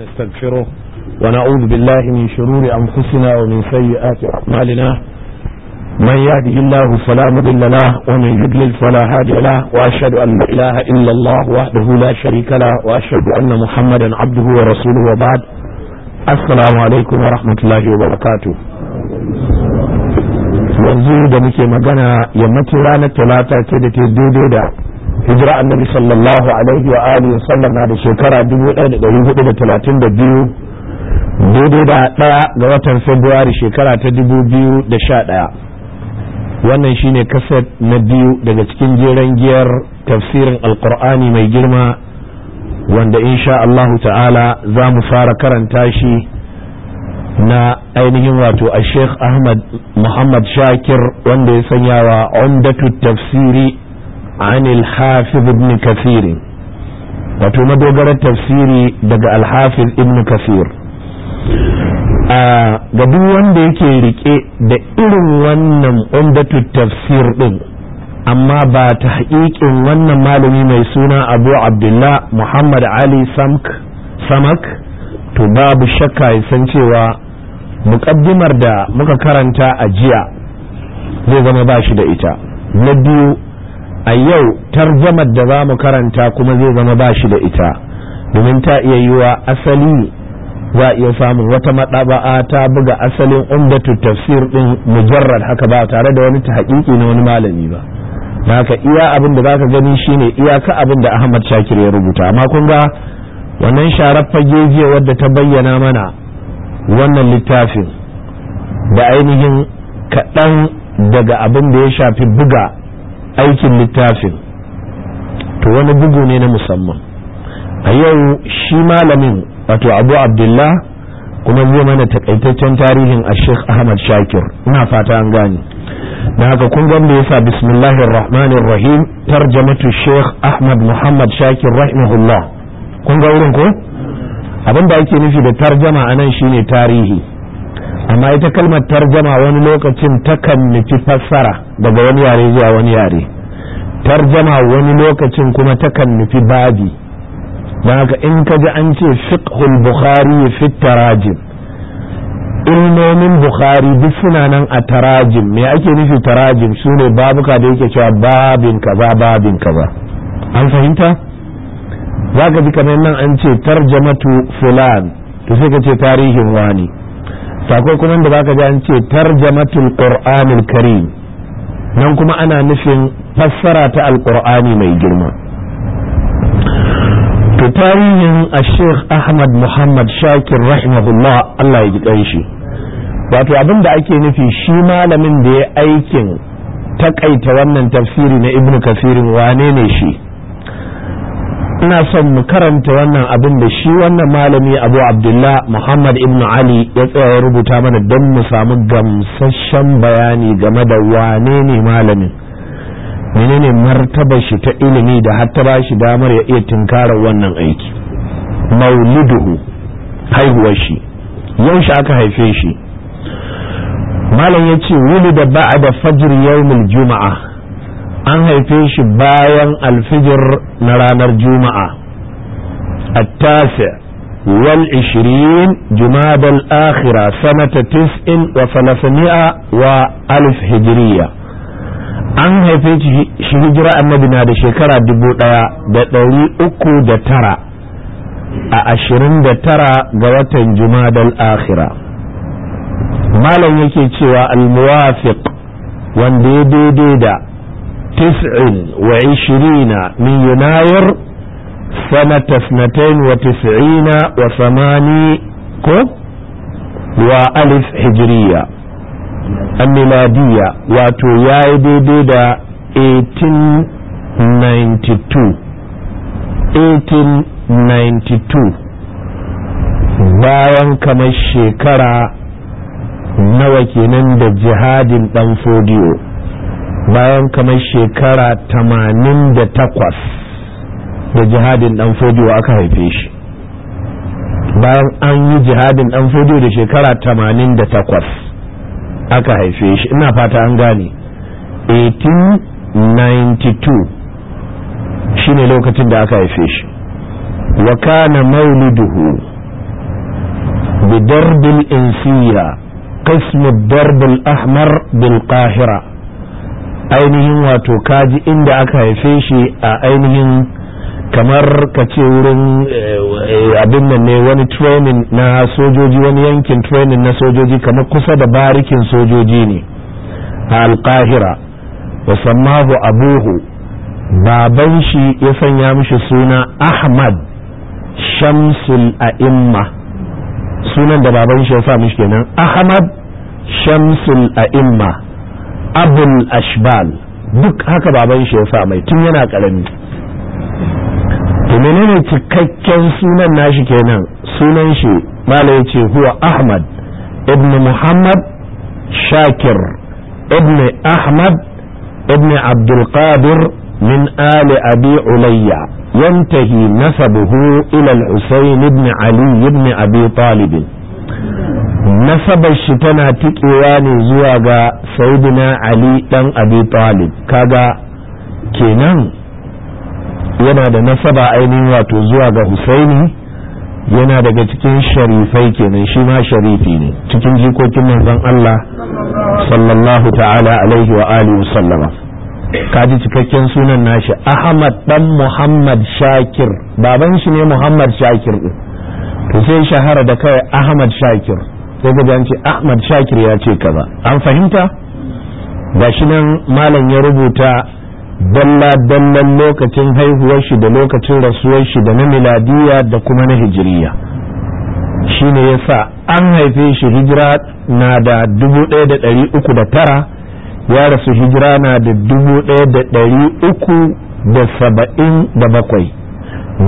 نستغفره ونعوذ بالله من شرور أنفسنا ومن سيئات أعمالنا من يهده الله فلا مضل له ومن يضلل فلا هادي له وأشهد أن لا إله إلا الله وحده لا شريك له وأشهد أن محمدا عبده ورسوله وبعد السلام عليكم ورحمة الله وبركاته yanzu da muke magana yammacin ranar talata ce da ke daidai da hijira annabi sallallahu alaihi wa alihi na da shekara 1432 daidai da ɗaya ga watan februari shekara ta 2011 wannan shine kaset na biyu daga cikin jeren giyar tafsirin alkur'ani mai girma wanda insha Allahu ta'ala za mu fara karanta shi na ainihin wato a sheikh ahmad muhammad shakir wanda ya sanya wa umdatu tafsiri عن الحافظ ابن كثير wato madogarar tafsiri daga alhafiz ibn kasir ga duk wanda yake rike da irin wannan umdatu tafsir din amma ba ta haƙiƙin wannan malami mai suna abu abdullah muhammad ali samak to babu shakka ya san cewa muƙaddimar da muka karanta a jiya zai zama ba shi da ita na biyu a yau tarjamar da za mu karanta kuma zai zama ba shi da ita domin ta iya yiwa asali za a iya samun wata maɗaba'a ta buga asalin umdatu tafsir ɗin mujarrad haka ba tare da wani tahqiqi na wani malami ba haka iya abin da ka gani shine iyaka abin da Ahmad Shakir ya rubuta amma kun ga wannan sharar fage wadda ta bayyana mana wannan littafin da ainihin kaɗan daga abin da ya shafi buga aikin littafin to wani bugu ne na musamman a yau shi malamin wato abu abdullah kuma zai mana takaitaccen tarihin a sheikh ahmad shakir ina fata an gani da haka kun gan da yasa bismillahir rahmanir rahim tarjamatu sheikh ahmad muhammad shakir rahimahullah kun ga wurin ko abin da ake nufi da tarjama anan shine tarihi amma ita kalmar tarjama wani lokacin takan nufi fassara daga wani yare zuwa wani yare tarjama wani lokacin kuma takan nufi babi don haka in ka ji an ce fiqhul bukhari fi tarajim ilmomin bukhari duk suna nan a tarajim me ake nufi tarajim su ne babuka da yake cewa babin kaza babin kaza an fahimta za ka ji kamar nan an ce tarjamatu fulan to sai ka ce tarihin wani to akwai kuma da baka ji an ce tarjamatul qur'anil karim nan kuma ana nufin fassara ta alqur'ani mai girma to tarihin Sheikh Ahmad Muhammad Shakir rahimahullah Allah ya ji kanshi wato abin da ake nufi shi malamin da ya aikin takaita wannan tafsiri na ibnu Kasirin wane ne shi ina son mu karanta wannan abin da shi wannan malami abu abdullah muhammad ibn ali ya tsaya ya rubuta mana don mu samu gamsasshen bayani game da wane ne malamin menene martaba shi ta ilimi da har ta shi damar ya iya tunkara wannan aiki mauliduhu haihuwar shi yaushe aka haife shi malam ya ce wuli da ba'a da fajr yawmul juma'a an haife shi bayan alfijir na ranar juma'a التاسع والعشرين جماد الآخرة سنة تسع wa alif هجرية an haife shi hijira annabi na da shekara dubu ɗaya da ɗari uku da tara a ashirin da tara ga watan jumadal akhira malam yake cewa almuwafiq wanda ya daidai da تسع وعشرين من يناير سنة اثنتين وتسعين وثماني وألف هجرية الميلادية واتو ياي دي دي دا 1892 1892 bayan kamar shekara nawa kenan da jihadin dan fodiyo bayan kamar shekara tamanin da takwas da jihadin dan fodiyo aka haife shi bayan an yi jihadin dan fodiyo da shekara tamanin da takwas aka haife shi ina fata an gane 1892 shine lokacin da aka haife shi wa kana mauliduhu bidarbil insiya darbin Ahmar bin ƙahira ainihin wato kaji inda aka haife shi a ainihin kamar ka ce wurin eh, abin nan ne wani training na sojoji wani yankin training na sojoji kamar kusa da barikin sojoji ne a alkahira wasammahu abuhu baban shi ya sanya mishi suna ahmad shamsul a'imma sunan da baban shi ya sa mishi kenan ahmad shamsul a'imma abul ashbal duk haka baban shi ya sa mai tun yana karami to menene cikakken sunan nashi kenan sunan shi mala yace huwa ahmad ibn muhammad shakir ibn ahmad ibn abdul qadir min ali abi ulayya yantahi nasabuhu ila al الحسين ibn ali بن abi talib nasabar shi tana tikewa ne zuwa ga saidina ali dan abi talib kaga kenan yana da nasaba ainihin wato zuwa ga husaini yana daga cikin sharifai kenan shi ma sharifi ne cikin jikokin manzon Allah sallallahu ta'ala alaihi wa alihi wa sallama kaji cikakken sunan nashi Ahmad dan Muhammad Shakir baban shi ne Muhammad Shakir to sai shahara da kai Ahmad Shakir sai ga Ahmad Shakir ya ce kaza an fahimta shi nan malam ya rubuta dalla dallan lokacin haihuwar shi da lokacin rasuwar shi da na miladiya da kuma na hijiriya shi ne ya sa an haife shi hijira na da 1309 ya rasu hijira na da 1377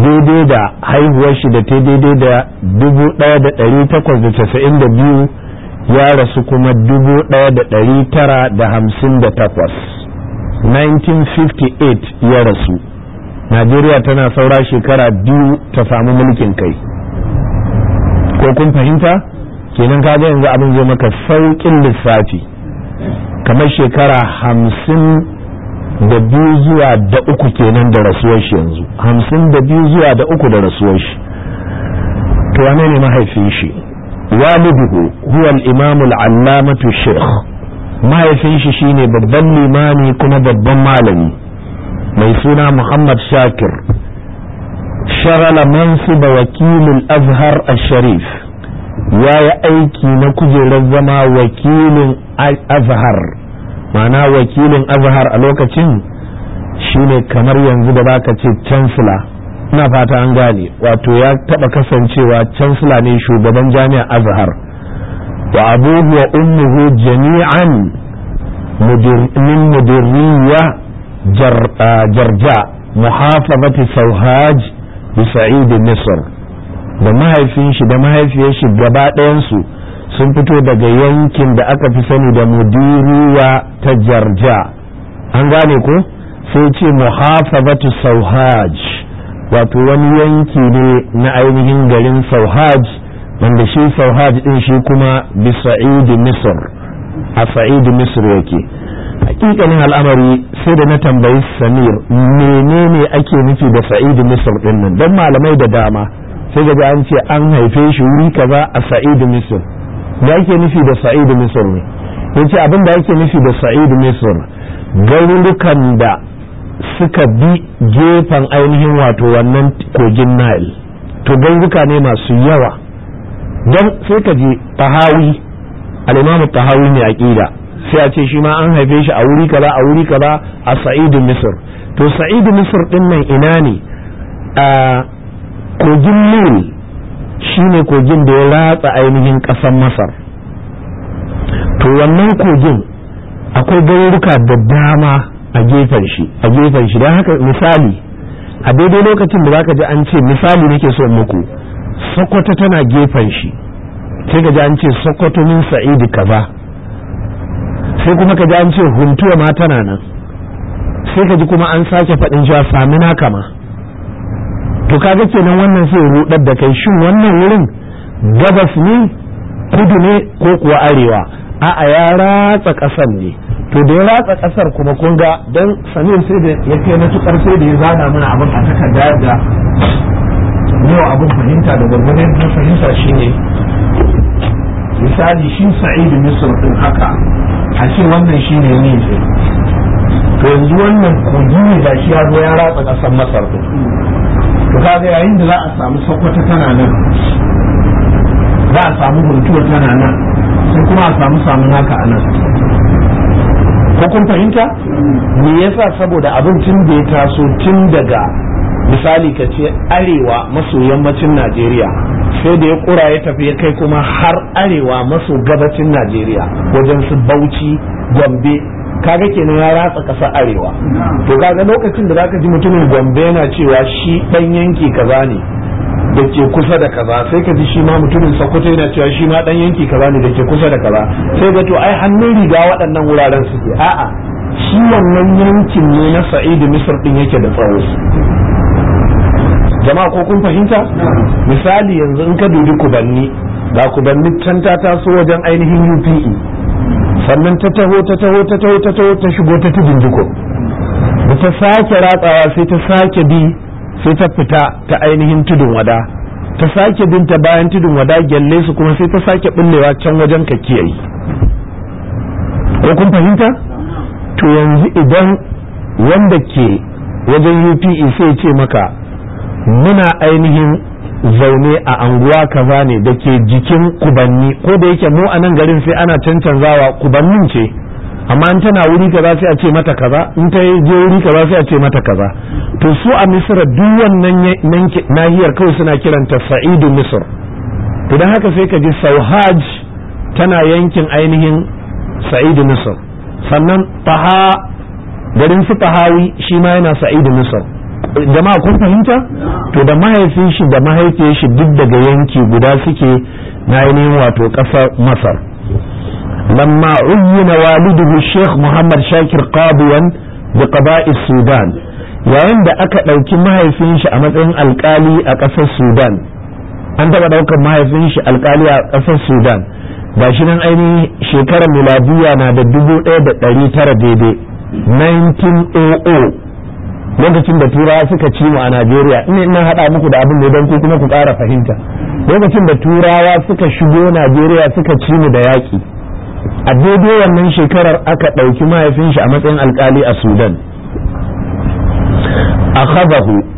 daidai da haihuwar shi da ta daidai da dubu ɗaya da ɗari takwas da casa'in da biyu ya rasu kuma dubu ɗaya da ɗari tara da hamsin da takwas 1958 ya rasu najeriya tana saura shekara biyu ta samu mulkin kai ko kun fahimta kenan kaga yanzu abin zai maka sauƙin lissafi kamar shekara hamsin da biyu zuwa da uku kenan da rasuwar shi yanzu hamsin da biyu zuwa da uku da rasuwar shi to wane ne mahaifin shi waliduhu huwa al-imam al-allamatu shaykh mahaifin shi shine babban limami kuma babban malami mai suna Muhammad Shakir sharala mansuba wakilul azhar al-sharif ya yi aiki na kujerar zama wakilin azhar ma'ana wakilin azhar a lokacin shine kamar yanzu da baka ce chancellor ina fata an gane wato ya taba kasancewa chancellor ne shugaban jami'a azhar wa abuhu wa ummuhu jami'an min mudirriya jarja muhafazati sauhaj bi sa'id misr da mahaifin shi da mahaifiyar shi gaba ɗayan su sun fito daga yankin da aka fi sani da mudiruwa ta jarja an gane ko sai ce muhafazatu sauhaj wato wani yanki ne na ainihin garin sauhaj wanda shi sauhaj din shi kuma bi misr a sa'idu misr yake hakikanin al'amari sai da na tambayi samir menene ake nufi da sa'idu misr dinnan don malamai da dama sai da an ce an haife shi wuri kaza a sa'idu misr da ake nufi da sa'id misr ne yace abin da ake nufi da sa'id misr garurukan da suka bi gefen ainihin wato wannan kogin nile to garuruka ne masu yawa don sai ka je tahawi al tahawi ne aqida sai a ce shi ma an haife shi a wuri kaza a wuri kaza a Sa'id misr to Sa'id misr din nan ina ne a kogin Nile. Shi ne kogin da ya ratsa ainihin ƙasar masar to wannan kogin akwai garuruka da dama a gefen shi a gefen shi don haka misali a daidai lokacin da ka ji an ce misali nake so muku sokoto tana gefen shi sai ka ji an ce sokoto min sa'idi kaza sai kuma ka ji an ce huntuwa ma tana nan sai ka ji kuma an sake faɗin cewa samina kama to kaga kenan wannan sai rudar da kai shin wannan wurin gabas ne kudu ne ko kuwa arewa a'a ya ratsa kasar ne to da ya ratsa kasar kuma kun ga don samir sai da ya kai tukar sai da ya zana mana abin a takarda da yau abin fahimta da gwargwadon na fahimta shine misali shi sa'idu misr din haka a ce wannan shine ne to yanzu wannan kogi ne da shi ya zo ya ratsa kasar masar to kaga yayin da za a samu Sakwata tana nan za a samu huntuwa tana nan sai kuma a samu samu naka a nan ko kun fahimta me yasa saboda abincin da ya taso tun daga misali ka ce arewa maso yammacin najeriya sai da ya kura ya tafi ya kai kuma har arewa maso gabacin najeriya wajen su bauchi gombe kaga kenan ya ratsa kasa arewa to kaga lokacin da zaka ji mutumin gombe yana cewa shi dan yanki kaza ne da ke kusa da kaza sai ka ji shi ma mutumin sokoto yana cewa shi ma dan yanki kaza ne da ke kusa da kaza sai ga to ai hannun riga waɗannan wuraren suke a'a shi wannan yankin ne na sa'idu misir din yake da tsawo jama'a ko kun fahimta misali yanzu in ka dubi kubanni ba kubanni can ta taso wajen ainihin UPE sannan ta taho ta taho ta taho ta taho ta shigo ta tudun duko da ta sake ratsawa sai ta sake bi sai ta fita ta ainihin tudun wada ta sake binta bayan tudun wada gyalle su kuma sai ta sake bullewa can wajen ka kiyaye ko kun fahimta to yanzu idan wanda ke wajen UPE sai ce maka muna ainihin zaune a anguwa kaza ne da ke jikin kubanni ko da yake mu a nan garin sai ana cancanzawa kubannin ce amma in tana wuri kaza sai a ce mata kaza in ta je wuri kaza sai a ce mata kaza to su a misra duk wannan nahiyar kawai suna kiranta sa'idu misr to dan haka sai ka ji sauhaj tana yankin ainihin sa'idu misr sannan taha garin su tahawi shi ma yana sa'idu misr jama'a kun fahimta to da mahaifin shi da mahaifiyar shi duk daga yanki guda suke na ainihin wato kafa masar lamma uyyina waliduhu sheikh muhammad shakir qadiyan bi qaba'i sudan yayin da aka ɗauki mahaifin shi a matsayin alkali a ƙasar sudan an taɓa ɗaukar mahaifin shi alkali a ƙasar sudan ba shi nan ainihin shekarar miladiyya na da dubu ɗaya da ɗari tara daidai 1900 lokacin da turawa suka ci mu a najeriya ina ina haɗa muku da abin da don ku kuma ku ƙara fahimta lokacin da turawa suka shigo najeriya suka ci mu da yaƙi a daidai wannan shekarar aka ɗauki mahaifin shi a matsayin alkali a sudan a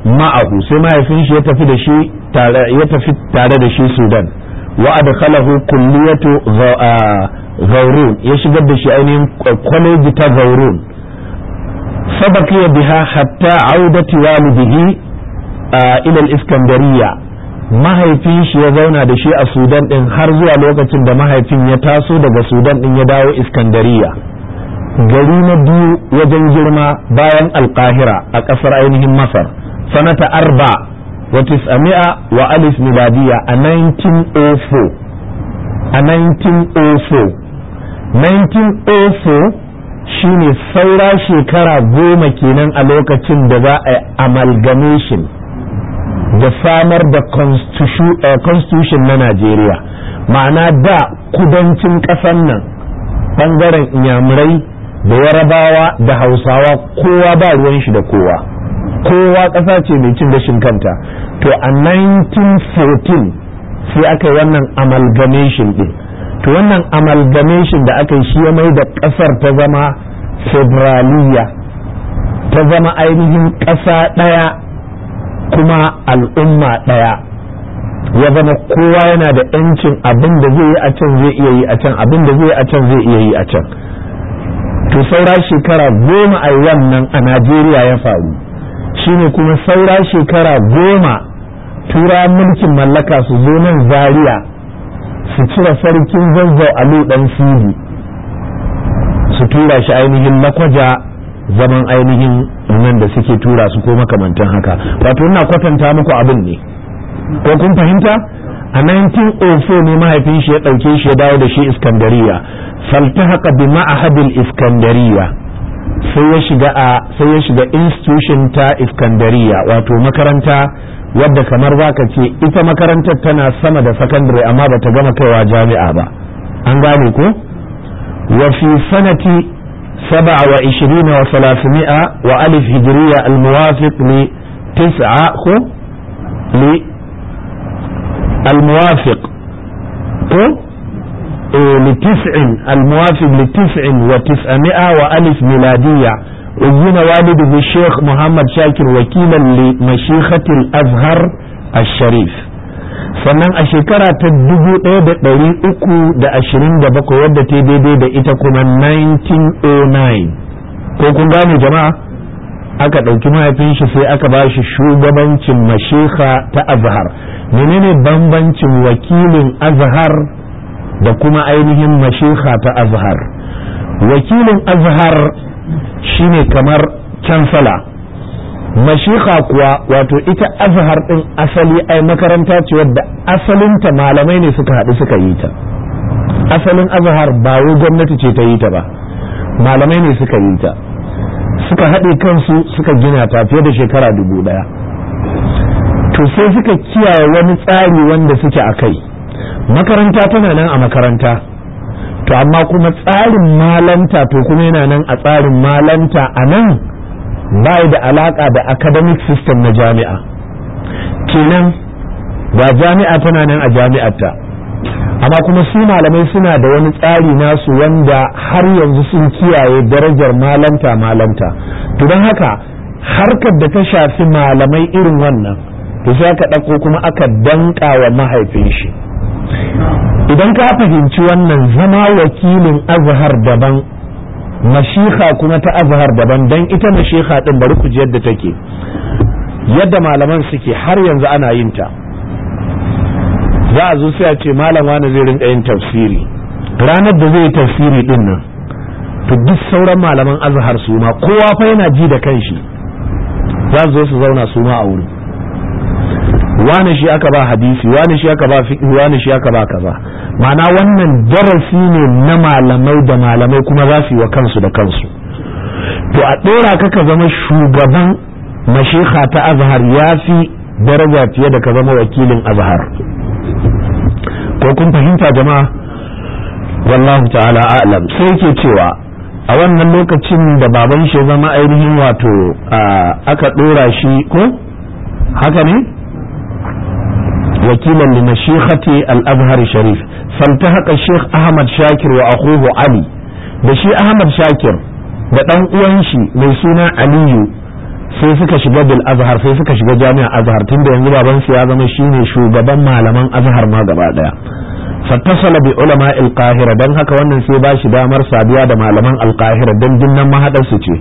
ma'ahu sai mahaifin shi ya tafi da shi tare da shi sudan wa adkhalahu kulliyatu zaurun ya shigar da shi ainihin kwaleji ta zaurun. فبقي hatta حتى عودة والده إلى الإسكندرية mahaifin shi ya zauna da shi a sudan din har zuwa lokacin da mahaifin ya taso daga sudan din ya dawo iskandariya gari na biyu wajen girma oh bayan alkahira a ƙasar ainihin masar sanata arba wa tis'ami'a wa alif miladiya a 1904 a 1904 1904 Shi ne saura shekara goma kenan a lokacin da za a amalgamation da samar da eh, constitution na Najeriya ma'ana da kudancin ƙasan nan ɓangaren inyamurai da yarabawa da hausawa kowa ba ruwan shi da kowa kowa ƙasa ce mai cin gashin kanta to a 1914 sai aka yi wannan amalgamation din to wannan amalgamation da aka yi shi ya mai da ƙasar ta zama febraliya ta zama ainihin ƙasa ɗaya kuma al'umma ɗaya ya zama kowa yana da 'yancin abin da zai yi a can zai iya yi a can abin da zai yi a can zai iya yi a can to saura shekara goma a wannan a najeriya ya faru shine kuma saura shekara goma tura mulkin mallaka su zo nan zaria su cire sarkin zazzau a dan sili su tura shi ainihin lakwaja zaman ainihin nan da suke tura su ko makamantan haka wato ina kwatanta muku abin ne ko kun fahimta a 1904 ne mahaifin shi ya ɗauke shi ya dawo da shi iskandariya faltahaka bi ma'ahadil iskandariya sai ya shiga a sai ya shiga institution ta iskandariya wato makaranta wadda kamar zaka ce ita makarantar tana sama da secondary amma bata gama kaiwa jami'a ba an gane ko wa fi sanati 27 wa 300 wa alif hijriya al muwafiq li 9 ko li al ko لتسع الموافق لتسع وتسعمائة وألف ميلادية وزين والده الشيخ محمد شاكر وكيلا لمشيخة الأزهر الشريف sannan a shekara ta dubu ɗaya da ɗari uku da ashirin da wadda ta daidai da ita kuma 1909 ko kun gane jama'a aka ɗauki mahaifin shi sai aka ba shi shugabancin mashiha ta azhar menene bambancin wakilin azhar da kuma ainihin mashiha ta azhar wakilin azhar shine kamar kansala mashiha kuwa wato ita azhar din asali ai makaranta ce wadda asalinta malamai ne suka haɗu suka yi ta asalin azhar ba wai gwamnati ce ta yi ta ba malamai ne suka yi ta suka haɗe kansu suka gina ta fiye da shekara dubu ɗaya to sai suka kiyaye wani tsari wanda suke a kai makaranta tana nan a makaranta to amma kuma tsarin malanta to kuma yana nan a tsarin malanta a nan ba da alaka da academic system na jami'a kenan ba jami'a tana nan a jami'arta amma kuma su malamai suna da wani tsari nasu wanda har yanzu sun kiyaye darajar malanta malanta to don haka harkar da ta shafi malamai irin wannan to sai aka ɗauko kuma aka danka wa mahaifin shi idan ka fahimci wannan zama wakilin azhar daban mashiha kuma ta azhar daban dan ita mashiha din bari ku ji yadda take yadda malaman suke har yanzu ana yin ta za a zo sai a ce malam wani zai rinka yin tafsiri ranar da zai yi tafsiri din nan to duk sauran malaman azhar su ma kowa fa yana ji da kanshi za su zo su zauna su ma a wuri. wane shi aka ba hadisi wane shi aka ba fiqh wane shi aka ba kaza ma'ana wannan darasi ne na malamai da malamai kuma za su yi wa kansu da kansu to a dora ka ka zama shugaban mashiha ta azhar ya fi daraja fiye da ka zama wakilin azhar ko kun fahimta jama'a wallahu ta'ala a'lam sai ke cewa a wannan lokacin da baban shi zama ainihin wato aka dora shi ko haka ne wakilan li mashikhati al-azhar sharif fantahaqa sheikh ahmad shakir wa akhuhu ali da shi ahmad shakir da ɗan uwan shi mai suna aliyu sai suka shiga bil azhar sai suka shiga jami'a azhar tunda yanzu baban ya zama shine shugaban malaman azhar ma gaba daya fattasala bi ulama al dan haka wannan sai ba shi damar saduwa da malaman Alkahira qahira dinnan mahadar su ce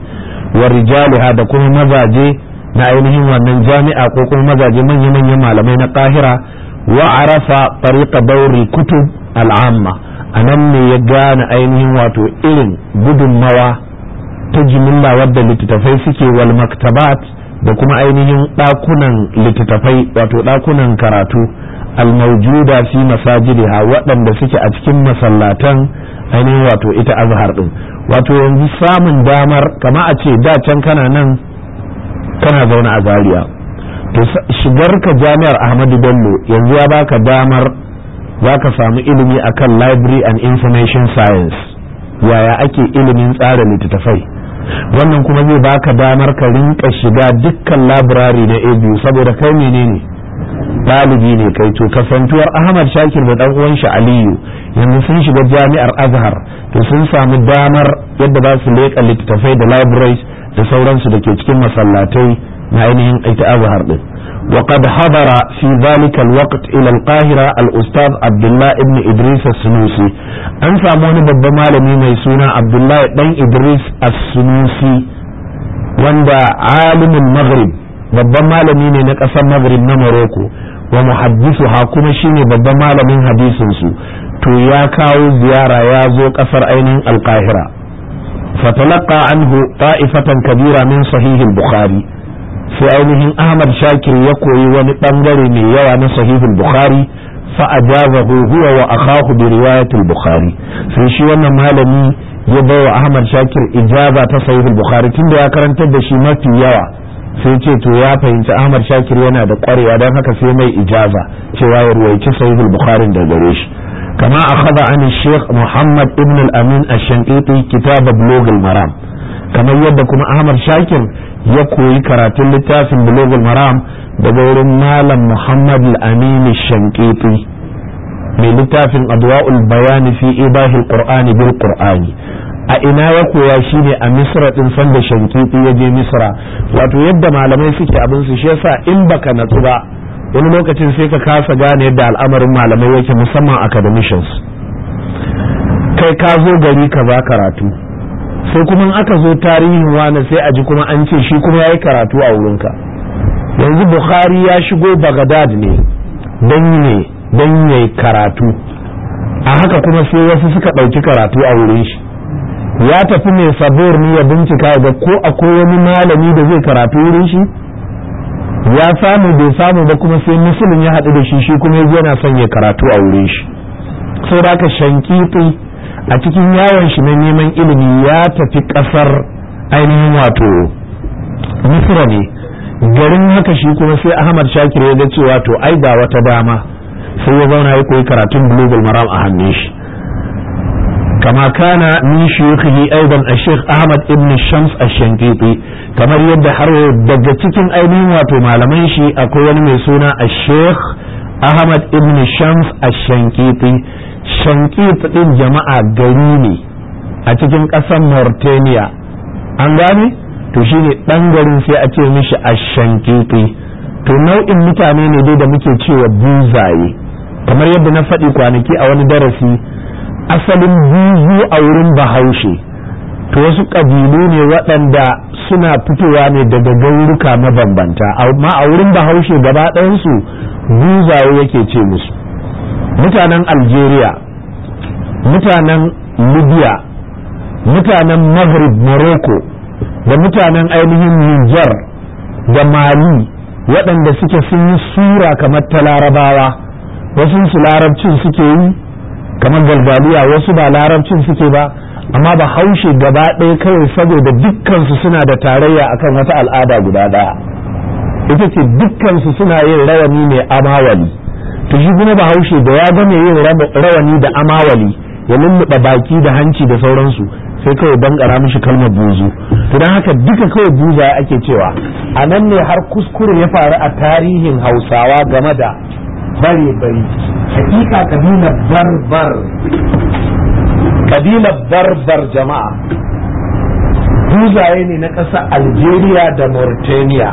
wa rijaliha da kuma mazaje na ainihin wannan jami'a ko kuma mazaje manya-manyan malamai na kahira wa arafa tariqa dauri kutub al'amma a nan ne ya gane ainihin wato irin gudunmawa ta jimilla wadda littattafai suke wal maktabat da kuma ainihin dakunan littattafai wato dakunan karatu almaujuda fi masajidiha waɗanda suke a cikin masallatan ainihin wato ita azhar ɗin wato yanzu samun damar kama a ce da can kana nan kana zauna a Zariya to shigar ka jami'ar ahmadu bello yanzu ya baka damar za ka samu ilimi akan library and information science yaya ake ilimin tsara littattafai wannan kuma zai baka damar ka rinka shiga dukkan library na abu saboda kai menene galibi ne kai to ka ahmad shakir da dan shi aliyu yanzu sun shiga jami'ar azhar to sun samu damar yadda za su leƙa littattafai da libraries da sauransu da ke cikin masallatai na ainihin aita azhar din wa qad hadara fi zalika alwaqt ila alqahira alustaz abdullah ibn idris Asunusi an samu wani babban malami mai suna Abdullahi ɗan idris as wanda alimul maghrib babban malami ne na ƙasar maghrib na maroko wa muhaddisu ha kuma shine babban malamin hadisin su to ya kawo ziyara ya zo ƙasar ainihin Alkahira. fatalaka anhu ta'ifatan kabira min sahihin bukhari sai ainihin ahmad shakir ya koyi wani bangare mai yawa na sahihin bukhari fa'ajazahu huwa wa akahu bi riwayatul bukhari sai shi wannan malami ya baiwa ahmad shakir ijaba ta sahihul bukhari tunda ya karantar da shi mafi yawa sai ce to ya fahimci Ahmad Shakir yana da kwarewa don haka sai mai ijaza cewa ya ruwaici sahihul Bukhari da gare shi kama akhadha an Sheikh Muhammad ibn al-Amin ash-Shanqiti kitab Bulugh maram kamar yadda kuma Ahmad Shakir ya koyi karatun littafin Bulugh al-Maram daga wurin Malam Muhammad al-Amin ash-Shanqiti mai littafin Adwa'ul bayani fi Ibahil Qur'ani bil Qur'ani a ina ya koya ne a misra din sanda shankiti ya je misra wato yadda malamai suke abin su shi yasa in baka natsu ba wani lokacin sai ka kasa gane yadda al'amarin malamai yake musamman academicians kai ka zo gari ka ba karatu sai kuma aka zo tarihin wani sai a ji kuma an ce shi kuma ya yi karatu a wurinka yanzu bukhari ya shigo bagadad ne don ne don karatu a haka kuma sai wasu suka ɗauki karatu a wurin shi ya tafi mai sabor ne ya bincika ga ko akwai wani malami da zai karatu wurin shi ya samu bai samu ba kuma sai musulun ya haɗu da shi shi kuma ya yana son ya karatu a wurin shi sau da aka shankiti a cikin yawon shi na neman ilimi ya tafi ƙasar ainihin wato misra ne garin haka shi kuma sai ahmad shakir ya ga cewa to ai ba wata dama sai ya zauna ya koyi karatun global maram a hannun shi كما كان من شيوخه أيضا الشيخ أحمد ابن الشمس الشنقيطي كما يبدأ حرو دجتكين أيضا واتو معلميشي أقول ميسونا الشيخ أحمد ابن الشمس الشنقيطي شنقيط إن جماعة غريني أتكين قسم مورتينيا أنغاني تشيني تنغرين في أتير مش الشنقيطي to nau'in mutane ne dai da muke cewa buzaye kamar yadda na faɗi kwanaki a wani darasi asalin buzu a wurin bahaushe to wasu ƙabilu ne waɗanda suna fitowa ne daga gauruka mabambanta amma a wurin bahaushe gaba ɗayansu buzawo yake ce musu mutanen algeria mutanen libya mutanen maghrib morocco da mutanen ainihin niger da mali waɗanda suke sun yi sura kamar ta larabawa wasu su larabcin suke yi kamar galbaliya wasu ba larabcin suke ba amma ba haushe gaba ɗaya kawai saboda dukkansu suna da tarayya akan wata al'ada guda ɗaya ita ce dukkansu suna yin rawani mai amawali to shi kuma ba haushe da ya gane yin rawani da amawali ya lulluɓa baki da hanci da sauransu sai kawai bankara mishi kalmar buzu to don haka duka kawai buza ake cewa a nan ne har kuskure ya faru a tarihin hausawa game da bare bare hakika kabilar barbar kabilar barbar jama'a Guzaye ne na ƙasa algeria da mauritania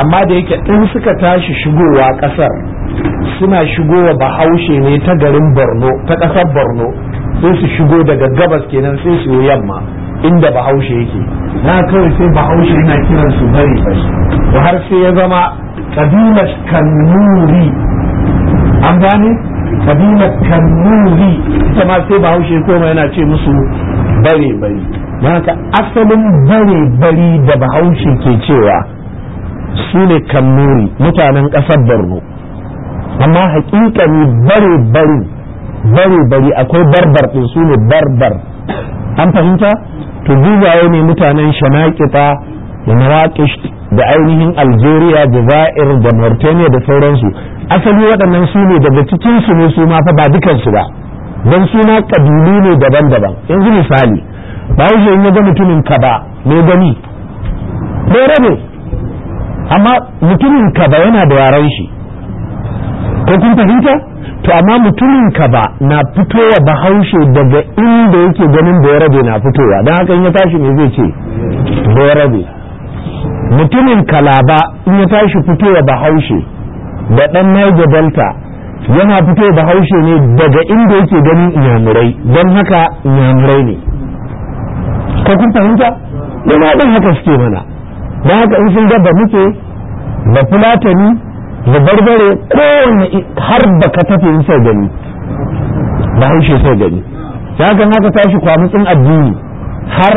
amma da yake in suka tashi shigowa ƙasar suna shigowa bahaushe ne ta garin borno ta ƙasar borno sai su shigo daga gabas kenan sai su yi yamma inda bahaushe yake na kawai sai bahaushe yana kiran su bari bari har sai ya zama kabilar kanuri. an gane kabilar kanuri ita ma sai bahaushe koma yana ce musu bare bari don haka asalin bare bari da bahaushe ke cewa su ne kanuri mutanen ƙasar borno amma hakikani bare bari bare bari akwai barbar ɗin su ne barbar an fahimta to dubaye ne mutanen shanaƙita. da da ainihin Algeria da Zaire da Mauritania da sauransu asali waɗannan su ne daga cikin su ne su ma fa ba dukansu ba don suna kabilu ne daban-daban yanzu misali ba wuce in ga mutumin ka ba me gani dore amma mutumin ka ba yana da yaren shi ko kun fahimta to amma mutumin ka ba na fitowa bahaushe daga inda yake ganin da na fitowa don haka in ya tashi ne zai ce da mutumin kalaba in ya tashi fitowa bahaushe da dan naija delta yana fitowa bahaushe ne daga inda yake ganin inyamurai don haka inyamurai ne ko kun fahimta yana dan haka suke mana don haka in sun gaba muke da fulatani da barbare kowane har baka tafi in sai gani bahaushe sai gani ya ga haka tashi kwamitsin addini har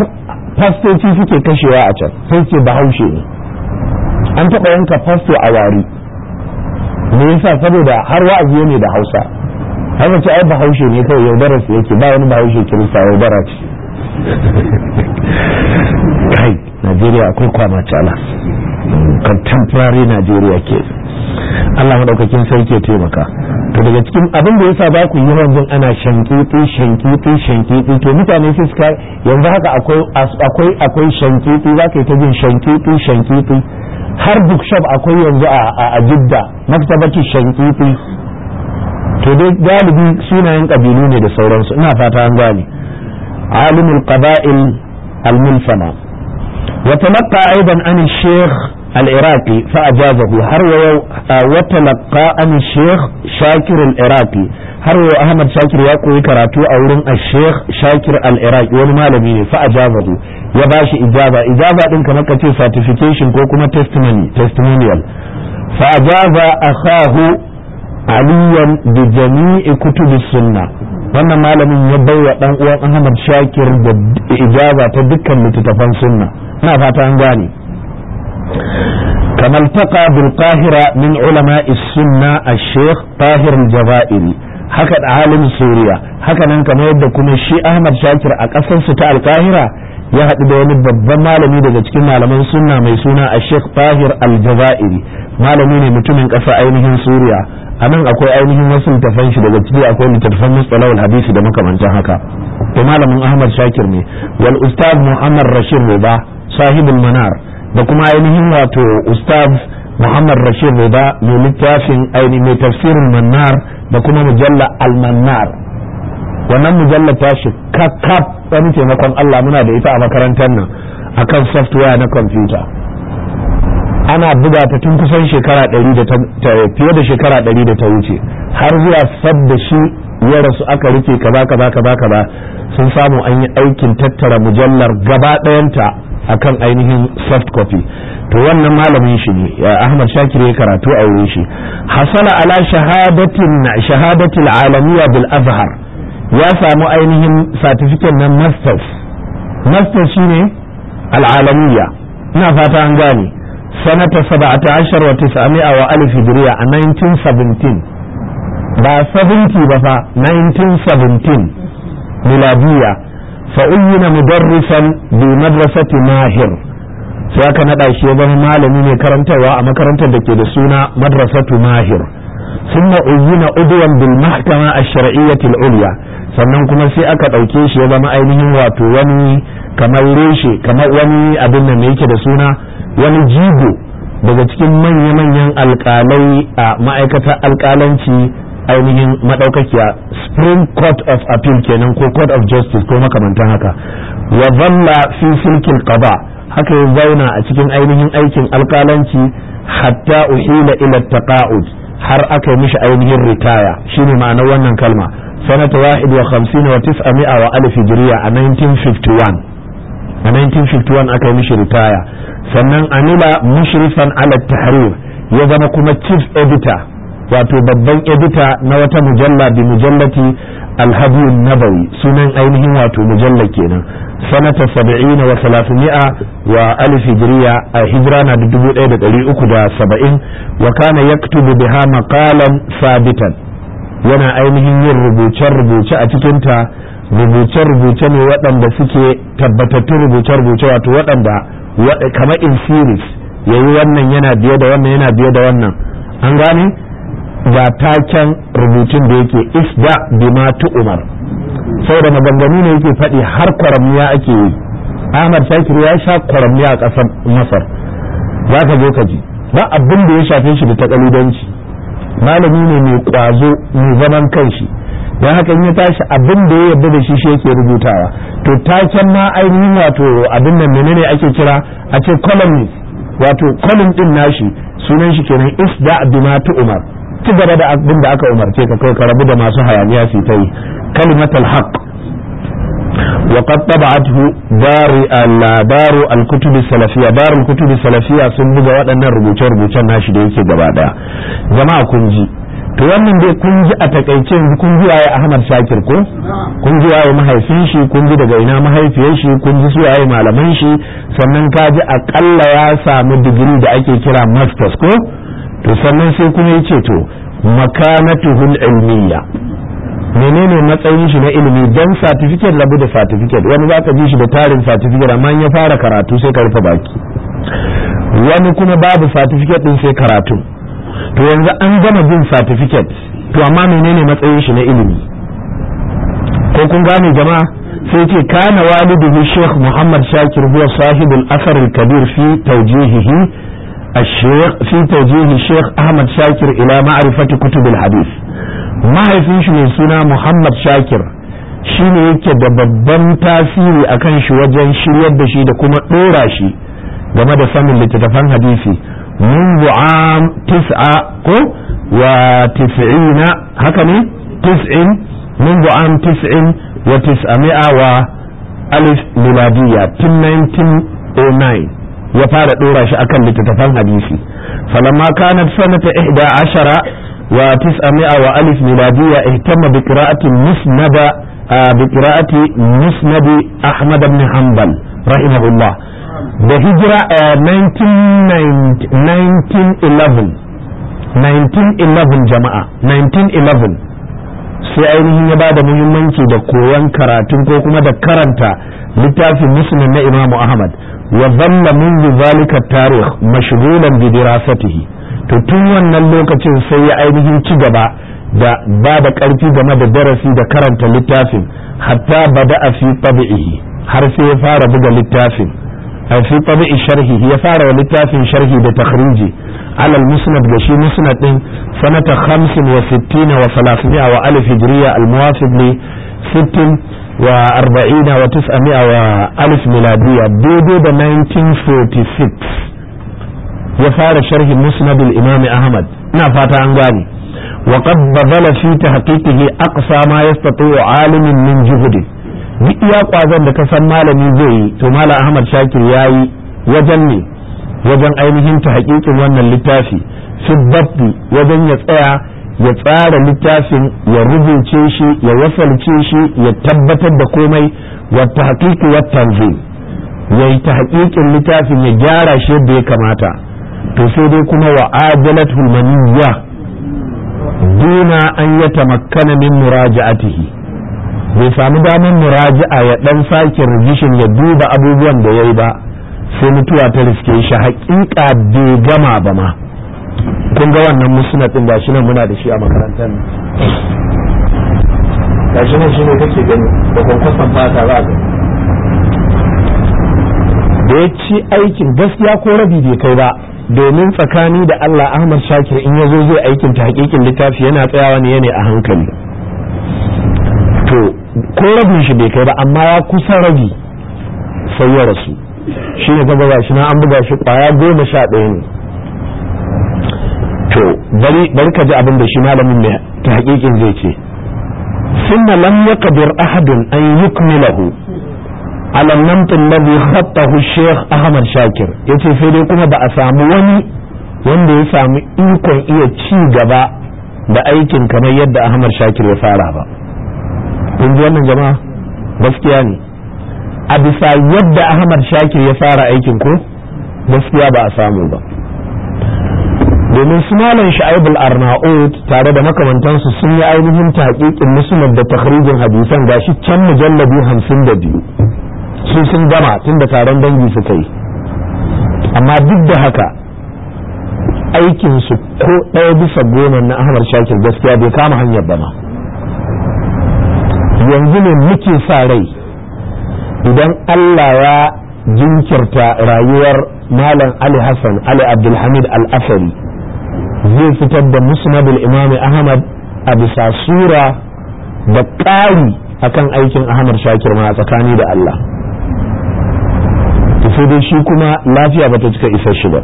fastoci suke kashewa a can sai ce bahaushe ne an taɓa yanka fasto a wari me yasa saboda har wa'azi ne da hausa haka ce ai bahaushe ne kawai yaudara su yake ba wani bahaushe kirista yaudara ce kai najeriya akwai kwamacala contemporary Najeriya ke Allah maɗaukakin sarki ya taimaka to daga cikin abin da yasa ba ku yi yanzu ana shankiti shankiti shankiti to mutane su suka yanzu haka akwai akwai akwai shankiti za ka yi ta jin shankiti shankiti har bookshop akwai yanzu a a Jidda maktabaci shankiti to dai galibi sunayen kabilu ne da sauransu ina fata an gane alimul qaba'il al وتلقى أيضا عن الشيخ العراقي فأجابه هرو وتلقى عن الشيخ شاكر العراقي هرو أحمد شاكر يقوي كراتو أورن الشيخ شاكر العراقي ولمالمين فأجابه يباشي إجابة إجابة إن كما كتير certification كوكما testimony testimonial فأجاب أخاه عليا بجميع كتب السنة wannan malamin ya baiwa dan uwan Ahmad Shakir da ijaba ta dukkan littattafan sunna na fata an gane كما التقى min من sunna a sheikh طاهر الجزائري haka da halin suriya haka nan kamar yadda kuma shi ahmad shakir a ƙasarsu ta alkahira ya haɗu da wani babban malami daga cikin malaman sunna mai suna a sheikh fahir aljazairi malami ne mutumin ƙasa ainihin suriya a nan akwai ainihin wasu littafan shi daga ciki akwai littattafan mustalawul hadisi da makamancin haka to malamin ahmad shakir ne wal ustaz muhammad rashid ba sahibul manar da kuma ainihin wato ustaz muhammad rashid ba mai littafin ainihin mai tafsirin manar da kuma mujalla al manar wannan mujallar tashi kakkaf wani taimakon Allah muna da ita a makarantar nan akan software na kwamfuta ana buga ta tun kusan shekara fiye da shekara ɗari da ta wuce har zuwa da shi ya rasu aka rike kaza kaza kaza kaza sun samu an yi aikin tattara mujallar gaba ɗayanta akan ainihin soft copy to wannan malamin shi ne Ahmad Shakir ya karatu a wurin shi hasala ala shahadatin shahadatil alamiya bil azhar ya samu ainihin satifikan na masters masters shine al'alamiya ina fata an gane sanata 17 wa 900 wa alif hijriya a 1917 ba 70 ba fa 1917 miladiya fa mudarrisan bi madrasati mahir sai aka naɗa shi ya zama malami ne karantarwa a makarantar da ke da suna madrasatu mahir ثم أذن عضوا بالمحكمة الشرعية العليا sannan kuma sai aka ɗauke shi ya zama ainihin wato wani kamar reshe kamar wani abin da yake da suna wani jigo daga cikin manya-manyan alƙalai a ma'aikatar alƙalanci ainihin madaukakiya spring court of appeal kenan ko court of justice ko makamantan haka wa zalla fi silkil qada haka ya zauna a cikin ainihin aikin alkalanci hatta uhila ila taqa'ud har aka yi mishi ainihin ritaya shine ma'anar wannan kalma sanata wahid wa khamsina wa mi'a wa alif hijriya a 1951 a 1951 aka yi mishi ritaya sannan anila mushrifan ala tahrir ya zama kuma chief editor wato babban edita na wata mujalla bi mujallati alhadiyun nabawi sunan ainihin wato mujallar kenan sanata saba'in wa salafimi'a wa alif hijriya a hijira na dubu ɗaya da ɗari uku da saba'in wa kana yaktubu biha maqalan sabitan yana ainihin yin rubuce-rubuce a cikinta rubuce-rubuce ne waɗanda suke tabbatattun rubuce-rubuce wato waɗanda kamar in series yayi wannan yana biye da wannan yana biye da wannan an gane ga taken rubutun da yake isda bima tu umar saboda maganganu ne yake faɗi har kwaramiya ake yi ahmad shakir ya sha kwaramiya a ƙasar masar za ka zo ka ji ba abin da ya shafe shi da takalidanci malami ne mai kwazo mai zaman kanshi don haka ya tashi abin da ya yarda da shi shi yake rubutawa to taken ma ainihin wato abin nan menene ake kira a ce wato kolon din nashi sunan shi kenan isda bima tu umar ci gaba da abin da aka umarce ka kai ka rabu da masu hayaniya su ta yi kalimatul haqq wa qad tab'athu dar al-dar al-kutub salafiyya al-kutub salafiyya sun buga waɗannan rubuce rubucen nashi da yake gaba daya jama'a kun ji to wannan dai kun a takaice kun waye Ahmad Shakir ko kun ji waye mahaifin shi kun ji daga ina mahaifiyar shi kun ji su waye malaman shi sannan ka ji akalla ya samu digiri da ake kira masters ko to sannan sai kuma yace to makanatuhul ilmiya menene matsayin shi na ilimi dan certificate labu da certificate wani za ka ji shi da tarin certificate amma ya fara karatu sai ka rufe baki wani kuma babu certificate din sai karatu to yanzu an gama jin certificate to amma menene matsayin shi na ilimi ko kun gane jama'a sai ce kana walidu Sheikh Muhammad Shakir huwa sahibul asar al-kabir fi tawjihihi الشيخ في توجيه الشيخ أحمد شاكر إلى معرفة كتب الحديث ما هيفين شو سنة محمد شاكر shi ne yake da babban tasiri a kan shi wajen shiryar da shi da kuma ɗora shi game da sanin littattafan hadisi منذ عام تسعة وتسعين هكذا تسع منذ عام تسع وتسعمائة وألف ميلادية 1909 ya fara dora shi akan littattafan hadisi falamma kanat sanata wa وتسعمائة وألف alif اهتم بقراءة مسند بقراءة مسند أحمد ahmad حنبل رحمه الله da hijira a 1911 1911 jama'a 1911 sai ainihin ya ba da muhimmanci da koyon karatun ko kuma da karanta littafin muslim na imamu ahmad wa zalla munzu zalika tarih mashghulan bi dirasatihi to tun wannan lokacin sai ya ainihin ci gaba da ba da karfi game da darasi da karanta littafin hatta bada fi tabi'ihi har sai ya fara buga littafin أو في طبع شرحه يفار ولتاف شرحه بتخريجه على المسند بشي مسند سنة خمس وستين وثلاثمائة وألف هجرية الموافق لست وأربعين وتسعمائة وألف ميلادية دودو دا 1946 يفار شرح مسند الإمام أحمد نافات أنغاني وقد بذل في تحقيقه أقصى ما يستطيع عالم من جهده duk iya kwazon da ka san malami zai yi to malam ahmad shakir ya yi wajen ne wajen ainihin ta hakikin wannan littafi fi babbi wajen ya tsaya ya tsara littafin ya rubuce shi ya wasalce shi ya tabbatar da komai wata hakiki wata ya yi ta hakikin littafin ya gyara shi yadda ya kamata to sai dai kuma wa ajalat hulmaniyya duna an ya tamakkana min muraja'atihi bai samu damar muraji'a ya dan sake rigishin ya duba abubuwan da ya yi ba sai mutuwa ta riske shi haƙiƙa bai gama ba ma kun ga wannan musnad din shi nan muna da shi a makarantar shi nan ne kake gani da kwankwasan fata za ga da ya ci aikin gaskiya ko rabi bai kai ba domin tsakani da Allah Ahmad Shakir in ya zo zai aikin ta hakikin littafi yana tsayawa ne ne a hankali to ko rabin shi bai kai ba amma ya kusa rabi sai ya rasu shi ne gaba shi na an buga shi kwaya goma sha ɗaya ne to bari ka ji abin da shi malamin mai ta hakikin zai ce ثم لم يقدر أحد أن يكمله على النمط الذي خطه Ahmad Shakir ya yace sai dai kuma ba a samu wani wanda ya samu ikon iya ci gaba da aikin kamar yadda Ahmad Shakir ya fara ba kun ji wannan jama'a gaskiya ne a bisa yadda ahmad shakir ya fara aikin ko gaskiya ba a samu ba domin su malam sha'ib al tare da makamantansu sun yi ainihin taƙiƙin musulman da takhrijin hadisan gashi can mujallabi 52 sun sun gama tunda taron dangi su kai amma duk da haka aikin su ko ɗaya bisa goma na Ahmad Shakir gaskiya bai kama hanyar ba ma yanzu ne muke sa rai idan Allah ya jinkirta rayuwar malam Ali Hassan Ali Abdulhamid Al-Asari zai fitar da musnadul imami Ahmad a bisa sura da ƙari akan aikin Ahmad Shakir ma tsakani da Allah sai dai shi kuma lafiya bata cika isa shi ba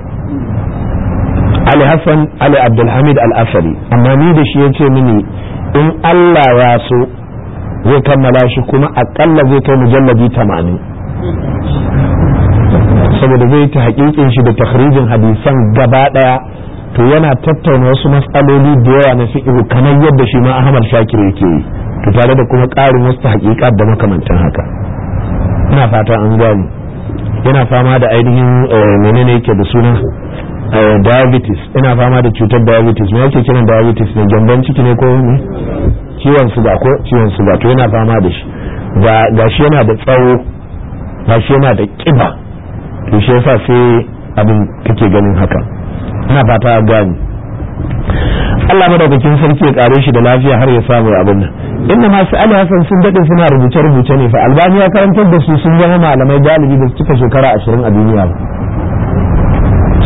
Ali Hassan Ali Abdulhamid Al-Asari amma ni da shi ce mini in Allah ya so zai kammala shi kuma akalla zai kai mujalladi tamanin saboda zai ta hakikin shi da takhrijin hadisan gaba daya to yana tattauna wasu matsaloli da yawa na fi'u kamar yadda shi ma Ahmad Shakir yake yi to tare da kuma ƙarin wasu hakikat da makamantan haka ina fata an gani yana fama da ainihin eh, menene yake da suna Eh, diabetes ina fama da cutar diabetes me yake kiran diabetes ne gyambon ciki ne ko ne ciwon suga ko ciwon suga to yana fama da shi ga shi yana da tsawo ga shi yana da kiba to shi yasa sai abin kake ganin haka ina fata gani Allah madaukakin sarki ya kare shi da lafiya har ya samu abin nan inda masu Ali Hassan sun dade suna rubuce rubuce ne fa Albani ya karantar da su sun zama malamai galibi da su cika shekara 20 a duniya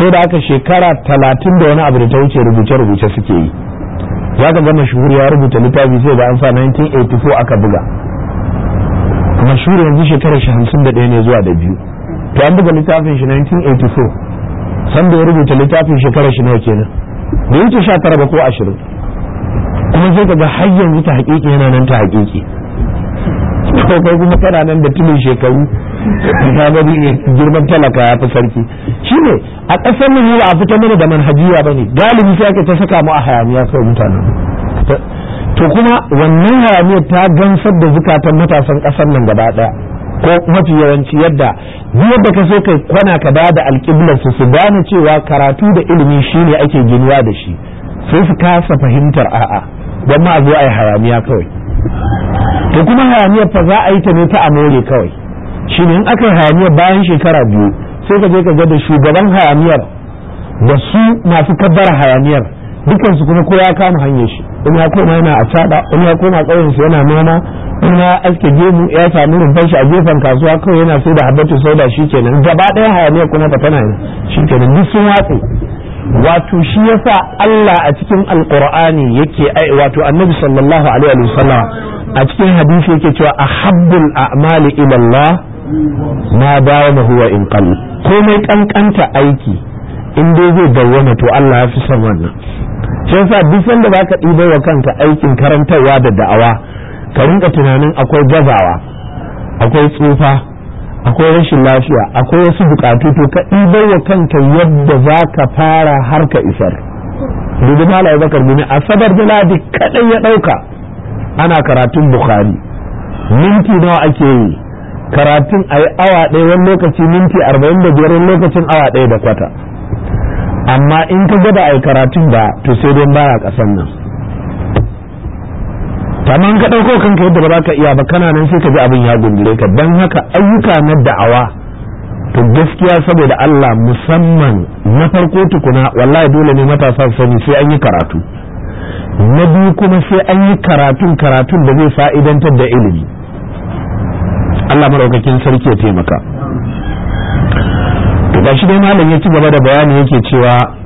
sai da aka shekara talatin da wani abu da ta wuce rubuce-rubuce suke yi za ka gama shuhuri ya rubuta littafi sai da an sa 1984 aka buga shuhuri yanzu shekarar shi hamsin da ɗaya ne zuwa da biyu to an buga littafin shi 1984 sanda ya rubuta littafin shekarar shi nawa kenan da yake sha tara ba ko ashirin kuma sai ka ga har yanzu ta haƙiƙi yana nan ta haƙiƙi to kai kuma kana nan da tuni shekaru ka gani girman talaka ya fi sarki ne a ƙasar mu ba a fita mana da manhajiya ne galibi sai ake ta saka mu a hayaniya kawai mutane? to kuma wannan hayaniyar ta gansar da zukatan matasan ƙasar nan gaba ɗaya ko mafi yawanci yadda yadda ka so ka kwana ka ba da alƙiblar su su gane cewa karatu da ilimi shine ake giniwa da shi sai su kasa fahimtar a'a don ma a zo a yi hayaniya kawai to kuma hayaniyar fa za a yi ta ne ta amore kawai shine in aka hayaniyar bayan shekara biyu sai ka je ka ga da shugaban hayaniyar da su masu kabbara hayaniyar dukansu kuma kowa ya kama hanyar shi in ya koma yana a cada in ya koma yana noma in ya aske gemu ya samu rumfar shi a gefen kasuwa kawai yana sai da habbatu sauda shikenan gaba ɗaya hayaniyar kuma ta tana shikenan duk sun watse wato shi yasa Allah a cikin alqur'ani yake wato annabi sallallahu alaihi wasallam a cikin hadisi yake cewa ahabbul a'mali ila Allah ma dawo ma huwa in qalli komai kankanta aiki in dai zai dawwama to Allah ya fi san wannan shi sa duk sanda baka ɗibar wa kanka aikin karantarwa da da'awa ka rinka tunanin akwai gazawa akwai tsufa akwai rashin lafiya akwai wasu bukatu to ka ɗibar wa kanka yadda zaka fara har ka isar dubu malai bakar gumi a sadar ladi kaɗai ya ɗauka ana karatun bukhari minti nawa ake yi karatun a yi awa ɗaya wani lokaci minti arba'in da biyar wani lokacin awa ɗaya da kwata amma in ka gaba a yi karatun ba to sai dai baya ƙasan nan man ka ɗauko kanka yadda ba za ka iya ba kana nan sai ka ji abin ya gundure ka don haka ayyuka na da'awa to gaskiya saboda Allah musamman na farko tukuna wallahi dole ne matasa su sani sai an yi karatu na biyu kuma sai an yi karatun karatun da zai fa'idantar da ilimi Allah maraukakin sarki ya taimaka da shi dai malam ya ci gaba da bayani yake cewa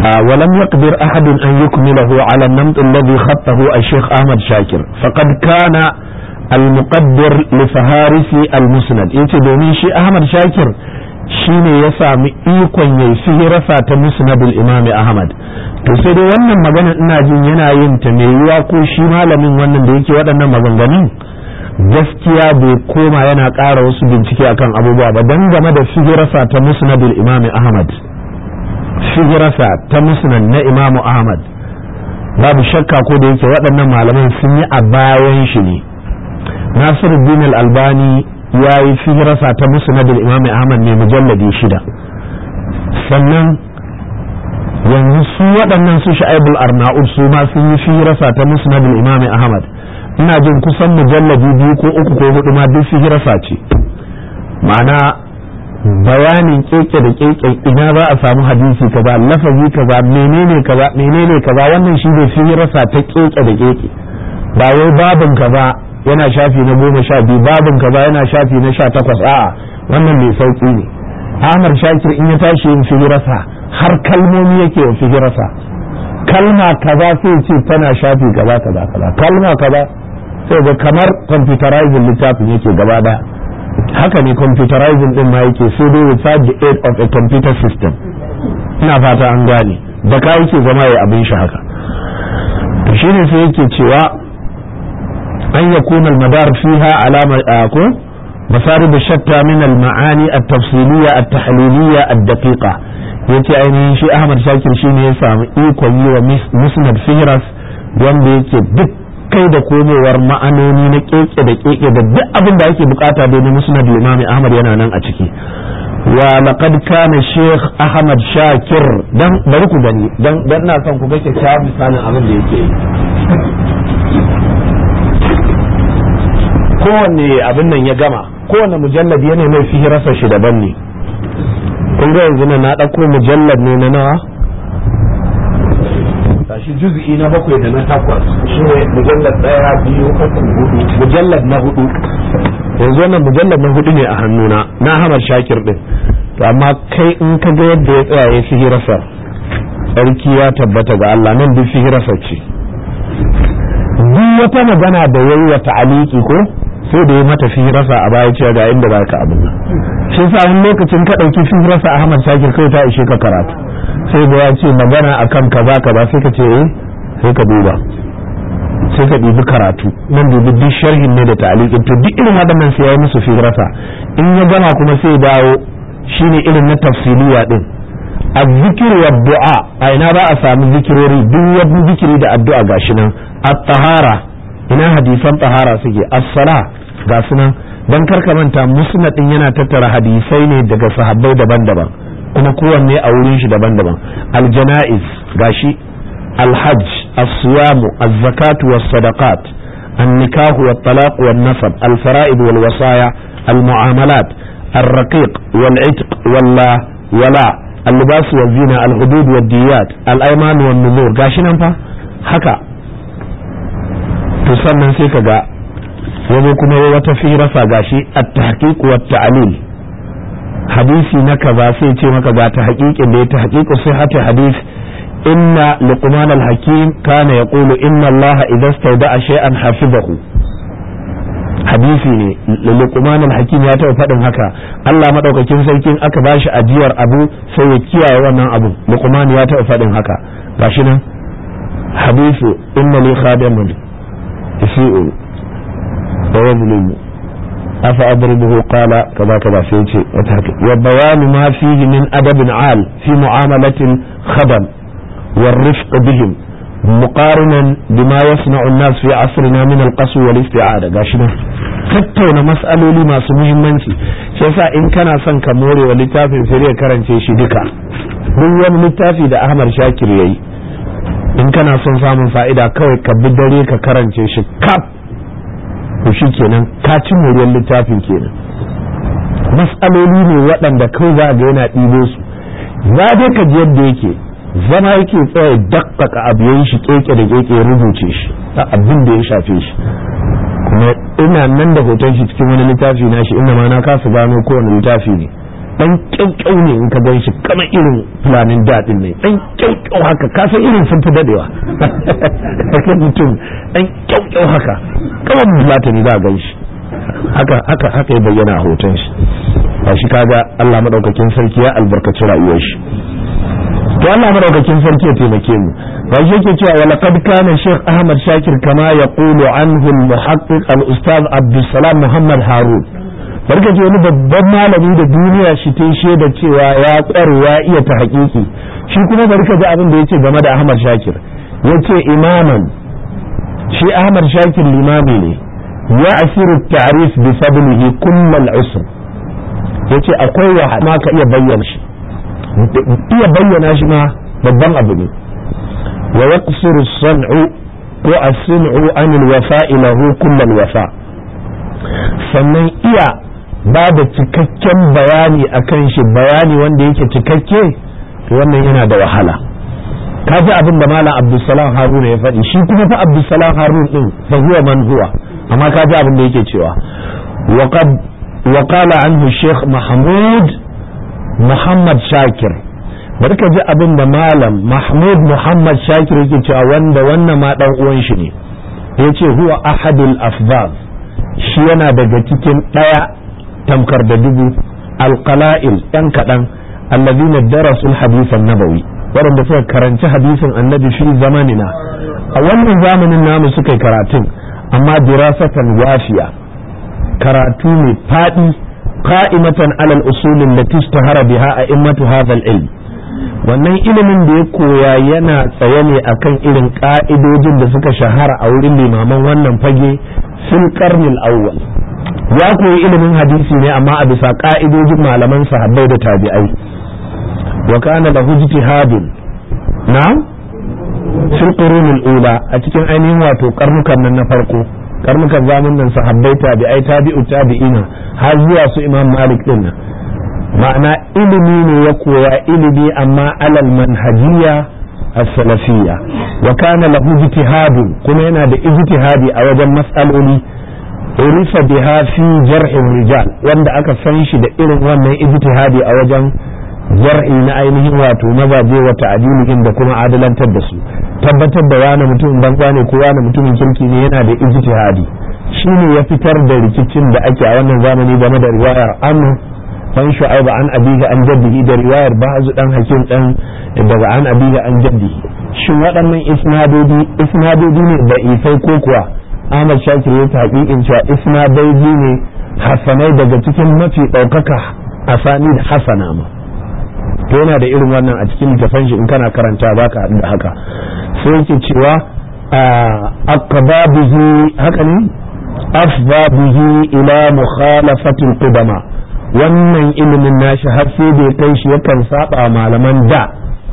ولم يقدر أحد أن يكمله على النمط الذي خطه الشيخ أحمد شاكر فقد كان المقدر لفهارسي المسند إنت دومين شي أحمد شاكر Shi ne ya sami ikon yayi sihirasa ta musnadul imam ahmad to sai dai wannan magana ina jin yana yin ta mai yiwa ko shi malamin wannan da yake waɗannan maganganun gaskiya bai koma yana ƙara wasu bincike akan abubuwa ba don game da sihirasa ta musnadul imam ahmad sihirasa ta musnad na imam ahmad babu shakka ko da yake waɗannan malaman sun yi a bayan shi ne nasiruddin al-albani ya yi rasa ta musu musnadul imam ahmad ne mujalladi shida sannan yanzu su waɗannan su sha'ibul arna'ur su ma sun yi rasa ta musu musnadul imam ahmad ina jin kusan mujalladi biyu ko uku ko hudu ma duk rasa ce ma'ana bayanin keke da keke ina za a samu hadisi kaza lafazi kaza menene kaza menene kaza wannan shi ne rasa ta keke da keke ba wai babin ka ba yana shafi na goma sha biyu babin ka ba yana shafi na sha takwas a wannan mai sauki ne Ahmad Shakir in ya tashi yin figirarsa har kalmomi yake yin figirarsa kalma kaza sai ce tana shafi kaza kaza kaza kalma kaza sai ga kamar computerizing littafin yake gaba da haka ne computerizing din ma yake sai dai without the aid of a computer system ina fata an gane da ka yake zama ya abin shi haka shi ne sai yake cewa an yakuna al-madar fiha alama ko da shatta min al-ma'ani at-tafsiliyya at-tahliliyya ad-daqiqa yace ainihin shi Ahmad Shakir shine ya samu ikon yi wa musnad fihras wanda yake duk kai da komowar ma'anoni na keke da keke da duk abin da ake bukata domin musnad limami Ahmad yana nan a ciki wa laqad kana Sheikh Ahmad Shakir dan bari ku gani dan dan na son ku ga kyakkyawan misalin abin da yake yi kowanne abin nan ya gama kowanne mujallad yana mai rasa shi daban ne kun ga yanzu na ɗauko mujallad ne na nawa Tashi juz'i na bakwai da na takwas shi ne mujallad ɗaya biyu uku hudu mujallad na hudu yanzu wannan mujallad na hudu ne a hannuna na hamar shakir din to amma kai in ka ga yadda ya tsaya ya sa sarki ya tabbata ga Allah nan duk sa ce duk wata magana da yayi wa ta'aliki ko sai da ya mata fi rasa a baya cewa ga inda baka abin nan shi yasa wani lokacin ka dauki fi rasa Ahmad Shakir kai ta ishe ka karatu sai da ya ce magana akan baka ba sai ka ce eh sai ka duba sai ka dubi karatu nan dubi duk sharhin ne da ta'aliqin to duk irin waɗannan sai ya musu fi rasa in ya gama kuma sai dawo shine irin na tafsiliya din الذكر والدعاء أين رأى سامي zikirori يريد دو da ذكري دا الدعاء قاشنا الطهارة ina hadisan tahara suke as-sala ga sunan dan karka manta musnad musnadin yana tattara hadisai ne daga sahabbai daban-daban kuma kowanne a wurin shi daban-daban al-janaiz gashi al-hajj as-siyam az-zakatu was-sadaqat النكاح والطلاق والنصب الفرائض والوصايا المعاملات الرقيق والعتق واللا ولا اللباس والزينة الحدود والديات الأيمان والنذور قاشنا فا هكا to sannan sai ka ga yazo kuma ya wata firasa gashi at-tahqiq wa ta'lil hadisi na kaza sai ce maka ga ta haqiqin da ya ta haƙiƙu sai hata hadis inna luqman al-hakim kana yaqulu inna Allah idza stawda'a shay'an hafizahu hadisi ne luqman al-hakim ya taɓa faɗin haka Allah madaukakin sarkin aka ba shi ajiyar abu sai ya kiyaye wannan abu luqman ya taɓa faɗin haka gashi nan hadisi inna li khadimun يسيء ويظلم أفأضربه قال كذا كذا سيجي وبيان ما فيه من أدب عال في معاملة خبل والرفق بهم مقارنا بما يصنع الناس في عصرنا من القسو والاستعادة قاشنا tattauna matsaloli masu muhimmanci shi yasa in kana son ka more wa littafin sai karance shi duka duk wani littafi da Ahmad Shakir yayi in kana son samun fa'ida kawai ka bi dare ka karance shi kaf to shi kenan ka ci littafin kenan matsaloli ne waɗanda kai za ga yana ɗibo su za dai ka ji yadda yake zama yake tsaye dakkaka abu yayin shi keke da keke rubuce shi a abin da ya shafe shi kuma ina nan da hoton shi cikin wani littafi nashi shi inda ma na kasa gano kowane littafi ne dan kyaukyau ne in ka gan shi kamar irin tunanin daɗin ne dan kyaukyau haka ka san irin sun fi dadewa haka mutum dan kyaukyau haka kamar bulata ne za a gan shi haka haka haka ya bayyana a hoton shi ba shi kaga Allah madaukakin sarki ya albarkaci rayuwar shi to Allah madaukakin sarki ya taimake mu ba shi yake cewa wa laqad kana Sheikh Ahmad Shakir kama yaqulu anhu al-muhaqqiq al-ustaz Abdul Salam Muhammad Harun barka ce wani babban malami da duniya shi ta da cewa ya tsaro ya iya ta haƙiƙi shi kuma barka ji abin da ce game da Ahmad Shakir yace imaman shi Ahmad Shakir limami ne ya asiru ta'rif bi fadlihi kull al ya yace akwai wa ma ka iya bayyana shi iya bayyana shi ma babban abu ne wa yaqsiru sanu ko as sin'u an al-wafa'i lahu wafa sannan iya ba da cikakken bayani a kan shi bayani wanda yake cikakke wannan yana da wahala ka ji abin da malam abdulsalam haruna ya faɗi shi kuma fa abdulsalam harun din fa huwa man huwa amma ka fi abin da yake cewa wa qala anhu sheikh mahmud muhammad shakir bari ka ji abin da malam mahmud muhammad shakir yake cewa wanda wannan ma dan uwan shi ne yace huwa ahadul afdal shi yana daga cikin daya tamkar da dubu alqala'il ɗan kaɗan allazina darasul hadisan nabawi waɗanda suka karanci hadisin annabi shi zamanina a wannan zamanin namu suka yi karatun amma dirasatan wafiya karatu mai faɗi qa'imatan alal usulin da tashtahara biha a immatu hadha al-ilm wannan ilimin da ya koya yana tsaye ne akan irin ka'idojin da suka shahara a wurin limaman wannan fage fil qarnil awwal ya koyi ilimin hadisi ne amma a bisa ka'idojin malaman sahabbai da tabi'ai wa kana lahu ijtihadun na fil qurunil ula a cikin ainihin wato karnukan nan na farko karnukan zamanin nan sahabbai tabi'ai tabi'u tabi'ina har zuwa su imam malik din nan ma'ana ilimi ne ya koya ilimi amma alal manhajiyya a salafiyya wa kana lahu ijtihadun kuma yana da ijtihadi a wajen matsaloli. urifa biha fi jar'in rijal wanda aka san shi da irin wannan ijtihadi a wajen jar'i na ainihin wato mazaje wa ta'dilin da kuma adalantar da su tabbatar da wani mutumin banza ne ko wani mutumin kirki ne yana da ijtihadi shine ya fitar da rikicin da ake a wannan zamani game da riwayar anhu an shu'aiba an abiga an jaddihi da riwayar ba'azu dan hakim dan daga an abiga an jaddihi shin waɗannan isnadodi isnadodi ne da ifai ko kuwa Ahmad Shakir ya taƙiƙin cewa isnadoji ne hasanai daga cikin mafi ɗaukaka a asani da hasana ma to yana da irin wannan a cikin littafin shi in kana karanta ba ka da haka sai yake cewa aqbabuhu haka ne buzu ila mukhalafatin kudama. wannan ilimin nashi har sai da kai shi yakan saba malaman da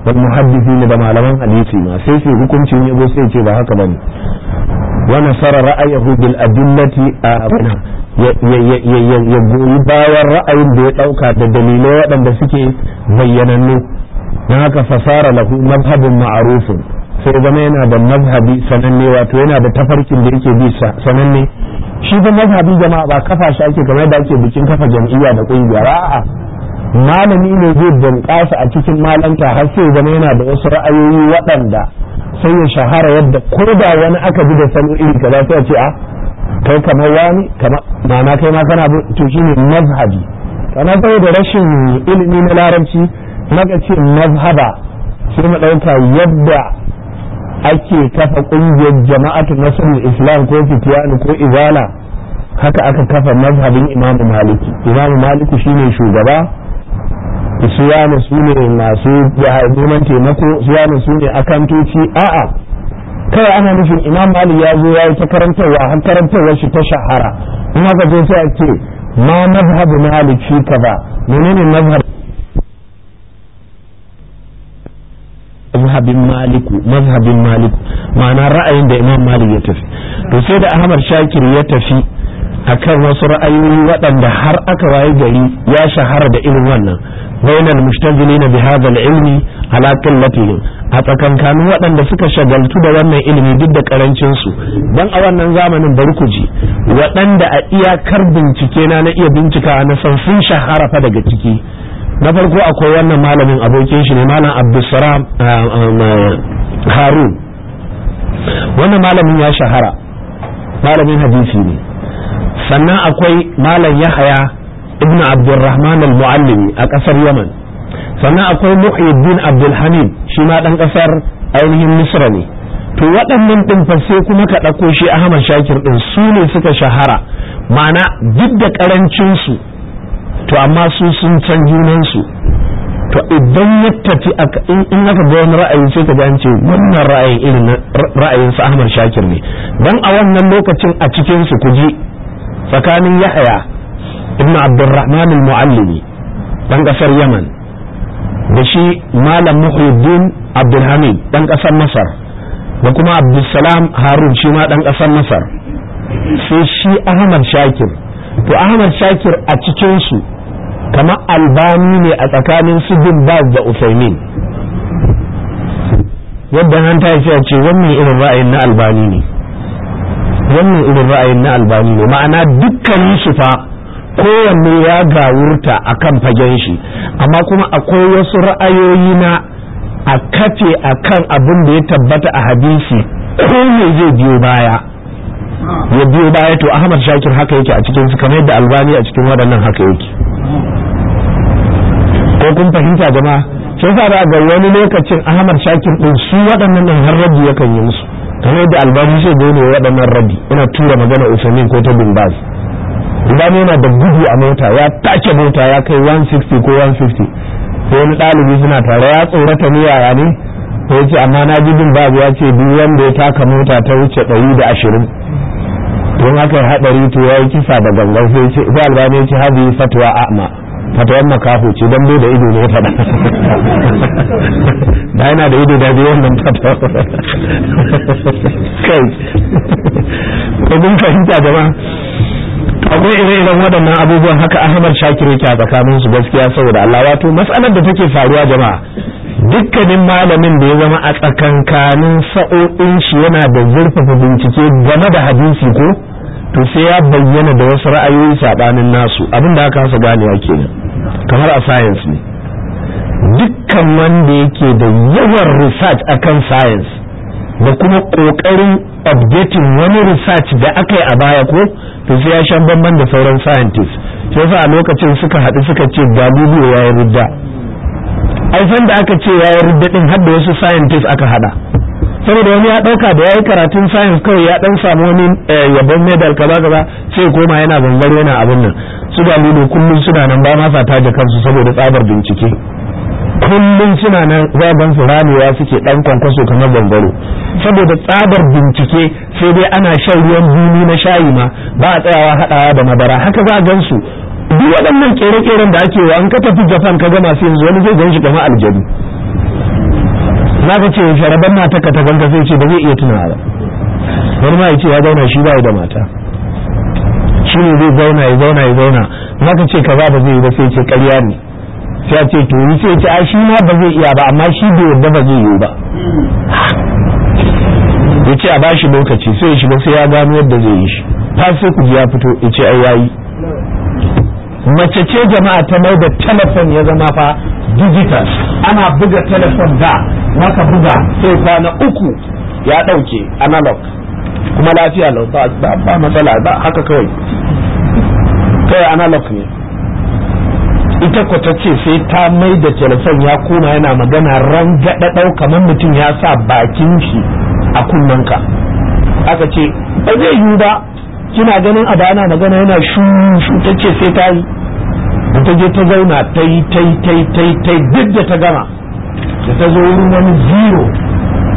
wal muhaddisi da malaman hadisi ma sai sai hukuncin yabo sai ce ba haka ba bane wa nasara ra'ayahu bil adillati ya goyi bayan ra'ayin da ya ɗauka da dalilai waɗanda suke bayyanannu don haka fasara lahu ma'arufin sai zama yana da mazhabi sananne wato yana da tafarkin da yake bi sananne shi da mazhabi jama'a ba kafa shi ake kamar da ake bikin kafa jam'iyya da kungiya a'a malami ne zai bunƙasa a cikin malanta har sai zama yana da wasu ra'ayoyi waɗanda sai ya shahara yadda ko da wani aka bi da salo ka za ce a kai kamar wani kamar kai ma kana to shine mazhabi kana da rashin ilimi na larabci ga ce mazhaba sai mu ɗauka yadda ake kafa ƙungiyar jama'atu nasrul islam ko fitiyani ko izala haka aka kafa mazhabin imamu maliki imamu maliki shine shugaba su su ne masu neman taimako su wani su ne akantoci a'a kawai ana nufin imam mali ya zo ya yi ta karantarwa har karantarwar shi ta shahara in haka zo sai a ce ma mazhabu malik ka ba. menene mazhab mazhabin maliku mazhabin maliku ma'ana ra'ayin da imam malik ya tafi to sai da ahmad shakir ya tafi akan wasu ra'ayoyi waɗanda har aka waye gari ya shahara da irin wannan bainal na bi hadha al-ilmi ala a tsakankanin waɗanda suka shagaltu da wannan ilimi duk da karancin su dan a wannan zamanin bari ku waɗanda a iyakar bincike na na iya bincika na san sun shahara fa daga ciki na farko akwai wannan malamin abokin shi ne malam Abdulsalam ah, ah, ah, Harun wannan malamin ya shahara malamin hadisi ne sannan akwai malam yahaya ibn abdurrahman al-muallimi a kasar yaman sannan akwai muhyiddin abdulhamid shi ma dan kasar ainihin misra ne to waɗannan ɗin fa sai kuma ka ɗauko shi ahmad shakir ɗin su ne suka shahara ma'ana duk da ƙarancinsu to amma su sun can junansu to idan ya tafi in aka ga wani ra'ayi sai ka gane ce wannan ra'ayin irin ra'ayin sa Ahmad Shakir ne dan a wannan lokacin a cikin su kuji tsakanin Yahya ibn Abdurrahman al-Muallimi dan kasar Yaman da shi Malam Muhyiddin Abdulhamid dan kasar Masar da kuma Abdulsalam Harun shi ma dan kasar Masar sai shi Ahmad Shakir to Ahmad Shakir a cikin su kama albani ne a tsakanin su bin baz da usaimin yadda nan ta ce ce wannan irin ra'ayin na albani ne wannan irin ra'ayin na albani ne ma'ana dukkan su fa kowanne ya gawurta a kan fagen shi amma kuma akwai wasu ra'ayoyi na a kace a kan abin da ya tabbata a hadisi ko me zai biyo baya ya biyo baya to ahmad shakir haka yake a cikin su kamar yadda albani a cikin waɗannan haka yake ko kun fahimta jama'a sai sa ba ga wani lokacin Ahmad Shakir din su waɗannan nan har rabi yakan yi musu kamar da albani sai dole waɗannan rabi ina tura magana Usaimin ko ta Bimbaz Albani yana da gudu a mota ya take mota ya kai 160 ko 150 ko wani ɗalibi suna tare ya tsorata ni yaya ne ko yace amma na ji Bimbaz ya ce duk wanda ya taka mota ta wuce 120 don haka haɗari to ya yi kisa da gangan sai ce ba albani ce hadi fatwa a'ma fatawar makaho ce don bai da ido ne ya faɗa da yana da ido da biyu wannan fatawar kai ko kun fahimta da ma akwai ire-iren waɗannan abubuwan haka ahmad shakir yake a tsakanin su gaskiya saboda allah wato matsalar da take faruwa jama'a dukkanin malamin da ya zama a tsakankanin sa'o'in shi yana da zurfafa bincike game da hadisi ko to sai ya bayyana da wasu ra'ayoyi saɓanin nasu abin da aka hasa ganewa kenan kamar a science ne dukkan wanda yake da yawan research akan science da kuma ƙoƙarin updating wani research da aka yi a baya ko to sai ya shan bamban da sauran scientists sai sa a lokacin suka haɗu suka ce galileo ya yi rudda ai san da aka ce ya yi rudda din har da wasu scientists aka haɗa saboda wani ya dauka da yayi karatun science kawai ya dan samu wani eh, yabon medal kaza kaza sai koma yana gangare yana abin nan su ga lulu kullun suna nan ba ma sa taje kansu saboda tsabar bincike kullun suna nan zaban su ramewa suke dan kwankwaso kamar zangaro saboda tsabar bincike sai dai ana shan ruwan bini na shayi ma ba a tsayawa hadawa da madara haka za gansu duk waɗannan kere-keren da ake wa an ka tafi japan ka ga masu yanzu wani zai gan shi kamar aljanu za ka ce sharaban na ta ka tafanka sai ce ba zai iya tunawa ba wani ma ya ce ya zauna shi ba da mata shi ne zai zauna ya zauna ya zauna za ka ce kaza ba zai yi ba sai ce karya ne sai ce to yi sai ce a shi ma ba zai iya ba amma shi bai yarda ba zai yi ba ya ce a bashi lokaci sai ya shiga sai ya gano yadda zai yi shi ta sai ku ya fito ya ce ai yayi mace ce jama'a ta mai da telefon ya zama fa digital ana buga telefon da maka buga sai kwana uku ya ɗauke analog kuma lafiya lau ba matsala ba haka kawai kawai analog ne ita ko ta ce sai ta mai da telefon ya koma yana magana ran gaɗaɗau kamar mutum ya sa bakin shi a kunnanka aka ce ba zai yiwu ba kina ganin a ana magana yana shu ta ce sai ta yi da ta je ta zauna ta yi ta yi ta yi ta yi duk da ta gama da ta zo wurin wani zero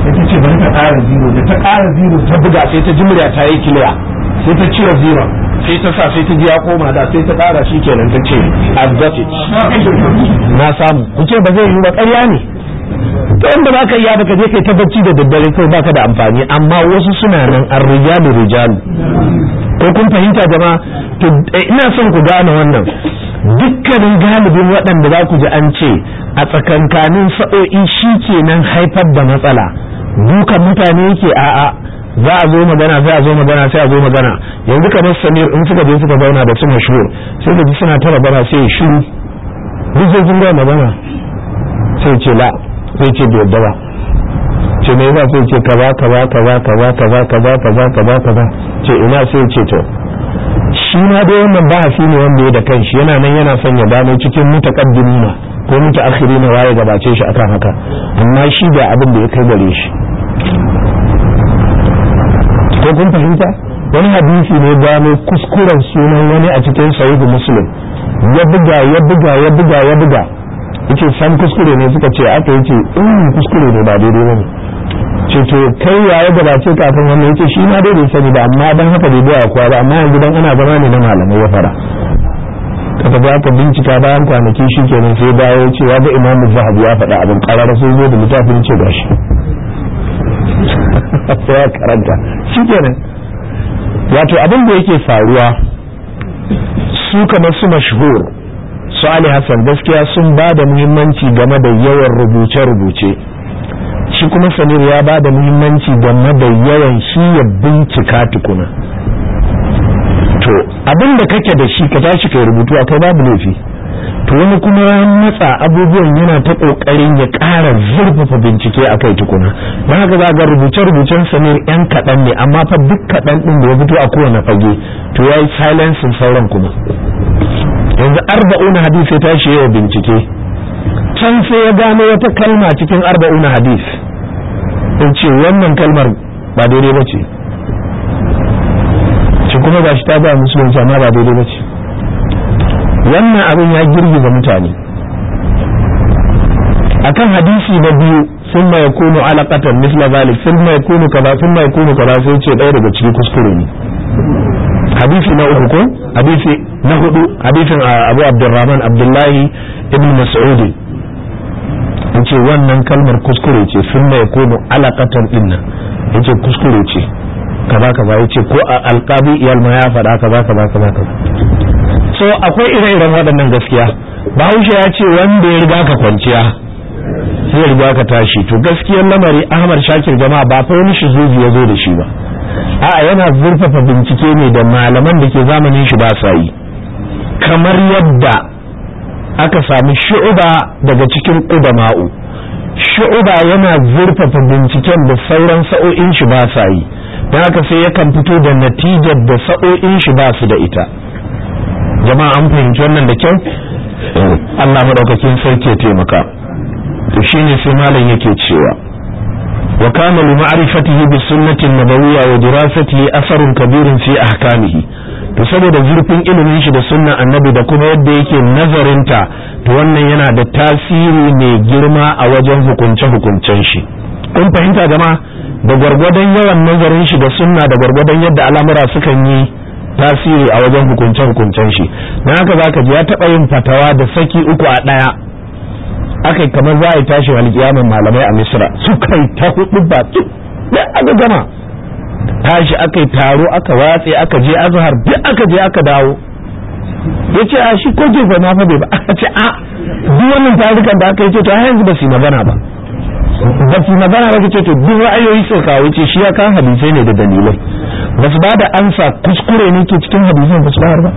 sai ta ce bari ta ƙara zero da ta ƙara zero ta buga sai ta jimira ta yi kiliya sai ta cire zero sai ta sa sai ta ji ya koma da sai ta ƙara shi kenan ta ce I've got na samu kuke ba zai yi ba karya ne to za ka iya baka je kai ta bacci da daddare kai baka da amfani amma wasu suna nan an rijalu rijalu ko kun fahimta jama'a eh, ina son ku gane wannan dukkanin galibin waɗanda za ku ji an ce a tsakankanin sa'o'i shi ke nan haifar da matsala dukan mutane yake a'a za a zo magana sai a zo magana sai a zo magana yanzu kamar samir in suka je suka zauna da su mashur sai da ji suna tara bana sai shiru duk zai magana sai ce la sai ce bai dawa ce me yasa sai ce kaza kaza kaza kaza kaza kaza kaza kaza kaza ce ina sai ce to shi ma dai wannan ba shi ne wanda ya da kanshi yana nan yana son ya gano cikin mutaqaddimina ko mutaakhirina waye gabace shi akan haka amma shi da abin da ya kai gare shi ko kun fahimta wani hadisi ne gano kuskuren sunan wani a cikin sahihu muslim ya buga ya buga ya buga ya buga yace san kuskure ne suka ce aka yace in mm, kuskure ne ba daidai bane ce to kai ya ya gabace kafin wannan yace shi ma daidai sani ba amma dan haka bai biya kuwa ba amma yanzu dan ana zama ne na malamai ya fara ka tafi aka bincika bayan kwanaki shi kenan sai dawo cewa ga imamu zahabi ya faɗa abin ƙarar sai zo da littafin ce ba sai ya karanta shi kenan wato abin da yake faruwa su kamar su mashhur su ali hassan gaskiya sun ba da muhimmanci game da yawan rubuce-rubuce shi kuma samir ya ba da muhimmanci game da yawan shi ya bincika tukuna to abin da kake da shi ka tashi kai rubutu akwai babu laifi to wani kuma ya matsa abubuwan yana ta ƙoƙarin ya ƙara zurfafa bincike a kai tukuna Ba haka za ga rubuce-rubucen samir yan kaɗan ne amma fa duk kaɗan ɗin da ya fito a kowane fage to ya yi silencing sauran kuma yanzu arba'un hadis ya tashi yau bincike can sai ya gano wata kalma cikin arba'un hadis in ce wannan kalmar ba daidai ba ce ci kuma ba shi ta ba musulunci amma ba daidai ba ce wannan abin ya girgiza mutane akan hadisi na biyu sun ma yakunu alaƙatan misla zalik sun ma yakunu kaza sun ma yakunu kaza sai ce ɗaya daga ciki kuskure ne hadisi na uku ko hadisi na hudu hadisin ah, abu abdurrahman abdullahi ibn mas'udi yace wannan kalmar kuskure ce sunna ya komo alaqatan dinnan yace kuskure ce kaza kaza yace ko alqabi iyal ma ya faɗa kaza kaza kaza kaza so akwai ire-iren waɗannan gaskiya bahaushe ya ce wanda ya riga ka kwanciya sai ya riga ka tashi to gaskiyar lamari ahmad shakir jama'a ba fa wani shi ya zo da shi ba a'a yana zurfafa bincike ne da malaman da ke zamanin shi ba sa yi kamar yadda aka sami shu'uba daga cikin ƙudama'u shu'uba yana zurfafa binciken da sauran sa'o'in shi ba sa yi don haka sai yakan fito da natijar da sa'o'in shi ba su da ita jama'a an fahimci wannan da kyau Allah maɗaukakin sarki ya taimaka to ne sai malam yake cewa وكان لمعرفته بالسنة النبوية ودراسته أثر كبير في أحكامه to saboda zurfin ilimin shi da sunnan annabi da kuma yadda yake nazarinta to wannan yana da tasiri mai girma a wajen hukunce hukuncen shi kun fahimta jama'a da gwargwadon yawan nazarin shi da sunna da gwargwadon yadda al'amura sukan yi tasiri a wajen hukunce hukuncen shi dan haka zaka ji ya taɓa yin fatawa da saki uku a ɗaya. aka kamar za a yi tashin alkiyamin malamai a misra su kai ta hudu ba duk da aka gama tashi aka yi taro aka watse aka je azhar duk aka je aka dawo ya ce a shi ko gefe na fa bai ba aka ce a duk wannan tarukan da aka yi ce to yanzu ba su magana ba ba su magana ba ce to duk ra'ayoyi suka kawo ce shi ya kan hadisai ne da dalilai ba su ba da ansa kuskure ne ke cikin hadisai ba su har ba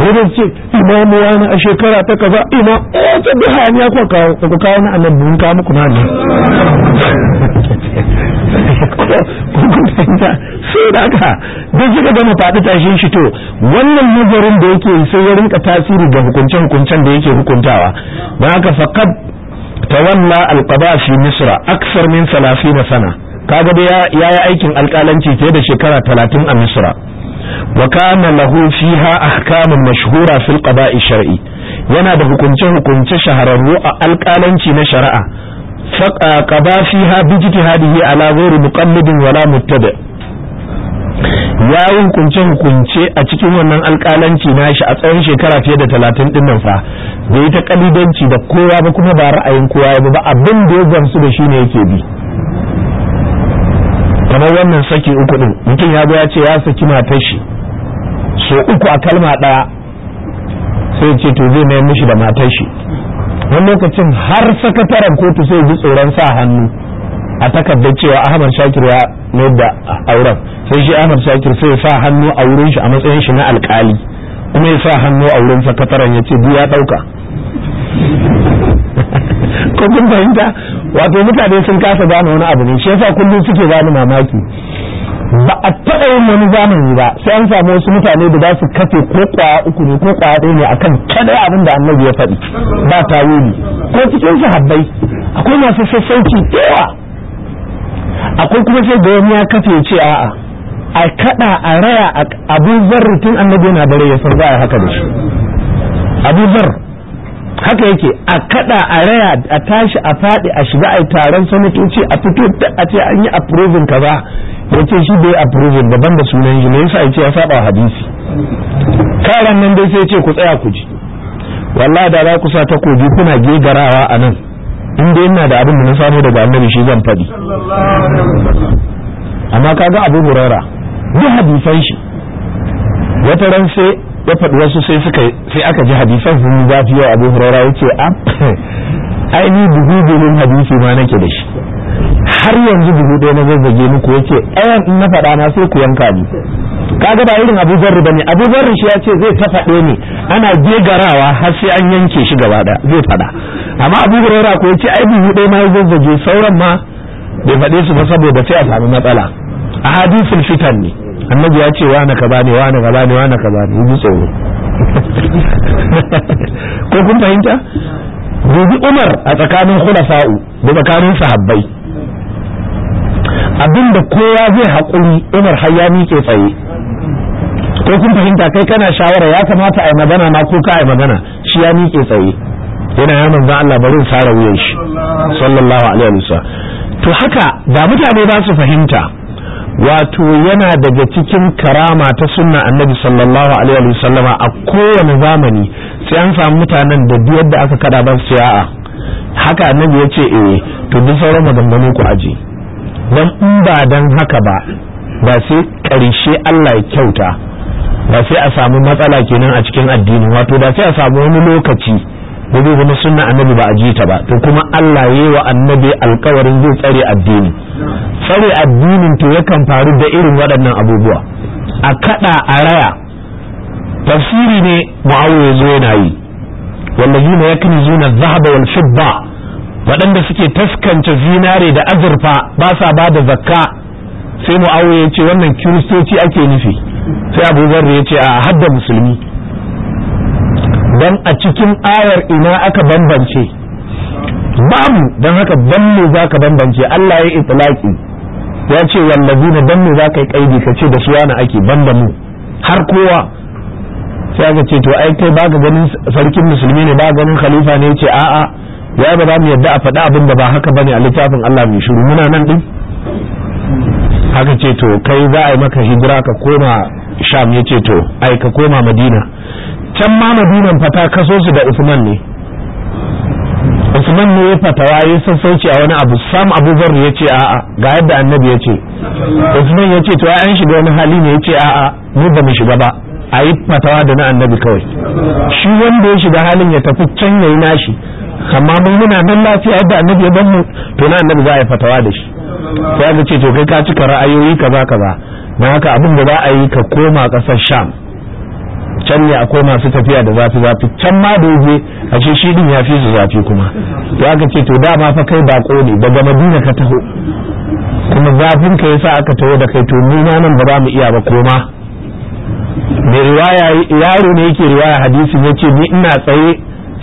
wurin ce imamu wani a shekara ta kaza ima o eh, ta bi ya ko kawo ko kawo na annabi mun kawo muku na ne sai da haka duk kika gama faɗi tashin shi to wannan nazarin da yake sai ya rinka tasiri ga hukuncen hukuncen da yake hukuntawa don haka faqad tawalla alqada fi misra aksar min 30 sana kaga da ya yi aikin alƙalanci fiye da shekara 30 a misra wa kana lahu fiha ahkamun mashhura fil qada'i shar'i yana da hukunce hukunce shahararru a alƙalanci na shari'a faqa qada fiha bi ijtihadihi ala ghairi muqallidin wala muttabi ya hukunce hukunce a cikin wannan na nashi a tsawon shekara fiye da talatin dinnan nan fa bai ta kalidanci da kowa ba kuma ba ra'ayin kowa ba abin da ya gamsu da shi ne yake bi kamar wannan saki uku din mutum ya zo ya ce ya saki matar shi so uku a kalma ɗaya sai ce to zai mai mishi da matar shi wani lokacin har sakataren kotu sai ji tsoron sa hannu a takardar cewa ahmad shakir ya mayar da auren sai shi ahmad shakir sai ya sa hannu a wurin shi a matsayin shi na alkali kuma ya sa hannu a wurin sakataren ya ce duk ya ɗauka ko fahimta wato mutane sun kasa gane wani abu ne shi yasa kullum suke gane mamaki ba a taɓa yin wani zamani ba sai an samu wasu mutane da za su kafe ko kwaya uku ne ko kwaya ɗaya ne kan kadai abin da annabi ya faɗi ba tawili ko cikin habbai akwai masu sassauci yawa akwai kuma sai da wani ya kafe ce a'a a kaɗa a raya abu zarrutin annabi yana bare ya san za a haka da shi abu haka yake a kada a raya a tashi a faɗi a shiga a taron sanatoci a fito a ce an yi approving kaza ya ce shi bai approving daban da sunan shi ne yasa ya ce ya saba hadisi karan nan dai sai ce ku tsaya ku ji wallahi da za ku sa ta kogi kuna gegarawa a nan in dai ina da abin da na samu daga annabi shi zan faɗi amma kaga abu huraira duk hadisan shi wata ran sai ya faɗi wasu sai suka sai aka ji hadisan sun zafi yau abu ya ce a ah, ai buhu hadisi ma nake da shi har yanzu buhu ɗaya na zazzage muku yace ayan in na faɗa na sai ku yanka ni kaga ba irin Abu Zarri bane Abu Zarri shi ya ce zai ta faɗe ne ana gegarawa har sai an yanke shi gaba da zai faɗa amma Abu hurara ko ce ai buhu ɗaya ma ya zazzage sauran ma bai faɗe su ba saboda sai a sami matsala a hadisin fitan ne annabi ya ce wani ka bani wani ka bani wani ka bani yi tsoro ko kun fahimta dubi umar a tsakanin khulafa'u da tsakanin sahabbai abinda kowa zai haƙuri umar har ya miƙe tsaye ko kun fahimta kai kana shawara ya kamata a yi magana ma ko ka yi magana shi ya miƙe tsaye yana ya manzan Allah bari in wuyan shi sallallahu alaihi wasallam to haka da mutane ba su fahimta wato yana daga cikin karama ta sunna annabi sallallahu alaihi wa sallama a kowane zamani sai an samu mutanen da duk yadda aka kada ba su a'a haka annabi ya ce eh to duk sauran maganganu ku aji dan in ba dan haka ba ba sai karshe Allah ya kyauta ba sai a samu matsala kenan a cikin addini wato ba sai a samu wani lokaci ba kuma sunna annabi ba a ji ta ba to kuma Allah ya yi wa annabi alkawarin zai tsare addini tsare addinin to yakan faru da irin waɗannan abubuwa a kaɗa a raya tafsiri ne mu'awiya ya zo yana yi wallazina zuna dhahaba wal fidda waɗanda suke taskance zinare da azurfa ba sa ba da zakka sai mu'awiya ya ce wannan kiristoci ake nufi sai abu ya ce a hadda musulmi don a cikin ayar ina aka bambance babu don haka don me za ka bambance Allah ya itlaki ya ce zina don me za ka yi kaidi ka ce da su yana ake banda mu har kowa sai aka ce to ai kai baka ganin sarkin musulmi ne baka ganin khalifa ne ce a'a ya ba za mu yadda a faɗa abin da ba haka bane a littafin Allah mai shiru muna nan din Haka ce to kai za a yi maka hijira ka koma sham ya ce to ai ka koma madina can ma madinan fata kaso su da usman ne usman ne ya fatawa ya sassauci a wani abu sam abuzar ya ce a'a ga yadda annabi ya ce usman ya ce to ya an shiga wani hali ne ya ce a'a mu ba mu shiga ba a yi fatawa da na annabi kawai shi wanda ya shiga halin ya tafi can ya yi nashi amma mun muna nan lafiya yadda annabi ya ban mu to na annabi za a yi fatawa da shi sai aka ce to kai ka cika ra'ayoyi kaza kaza na haka abin da za a yi ka koma ƙasar sham can ne akwai masu tafiya da zafi zafi can ma da yaje a ce shi din ya fi su zafi kuma ya ka ce to dama fa kai bako ne daga madina ka taho kuma zafin ka yasa aka taho da kai to ni na nan ba za mu iya ba koma mai riwaya yaro ne yake riwaya hadisi ya ce ni ina tsaye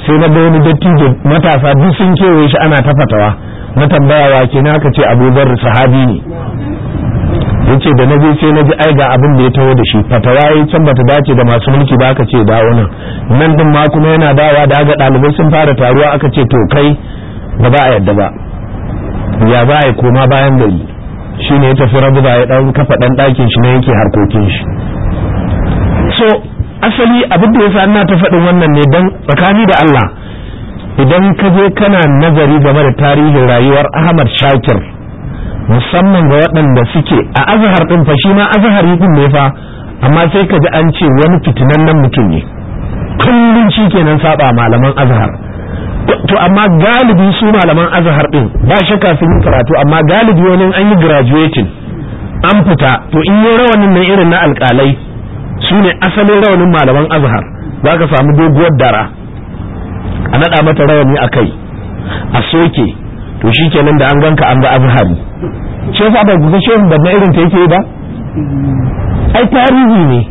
sai na bayani dattijo matasa duk sun kewaye shi ana tafatawa na tambaya wa ke na aka ce abubar sahabi ne yace da na naje sai na ji aiga abin da ya taho da shi fatawa ya can bata dace da masu mulki ba aka ce dawo nan nan din ma kuma yana dawa da aga dalibai sun fara taruwa aka ce to kai ba ba a yadda ba ya ba ya koma bayan gari shine ya tafi rabuwa ya dan kafa dan dakin shi na yake harkokin shi so asali abin da yasa ina ta faɗin wannan ne dan tsakani da Allah idan ka je kana nazari game da tarihin rayuwar ahmad shakir musamman ga waɗanda suke a azahar ɗin fa shi ma azahar ɗin ne fa amma sai ka ji an ce wani fitinan nan mutum ne kullum shi kenan saba malaman azahar to amma galibi su malaman azahar ɗin ba shakka sun yi karatu amma galibi wani an yi graduating an fita to in yi rawanin nan irin na alƙalai su ne asalin rawanin malaman azahar za ka samu doguwar dara a naɗa mata rawani a kai a soke to shi kenan da an ganka an ga azhari ce fa ba ku ga shehun babban irin ta yake ba ai tarihi ne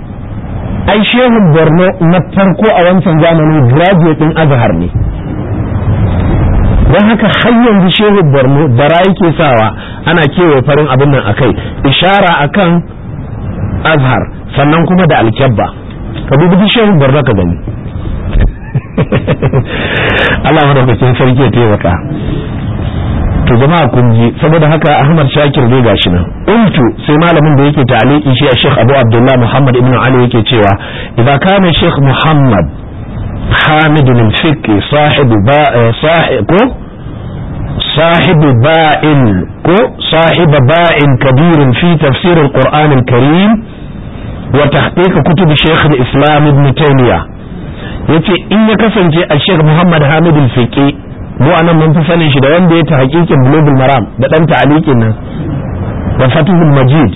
ai shehun borno na farko a wancan zamanin graduate din azhar ne don haka har yanzu shehu borno bara yake sawa ana kewaye farin abin nan akai ishara akan azhar sannan kuma da alkyabba ka dubi shehu borno ka gani Allah madaukakin sarki ya taimaka to jama'a kun ji saboda haka Ahmad Shakir ne gashi nan ultu sai malamin da yake ta'aliki shi Sheikh Abu Abdullah Muhammad ibn Ali yake cewa idza kana Sheikh Muhammad Hamid bin Fiqi sahibu ba eh, ba'in ko sahiba ba'in kabirin fi tafsir al karim wa tahqiq kutub Sheikh al-Islam yace in ya kasance a Sheikh Muhammad Hamid al-Fiqi mu anan mun fi sanin shi da wanda ya ta hakikin Maram da dan ta'aliqin nan da Fatihul Majid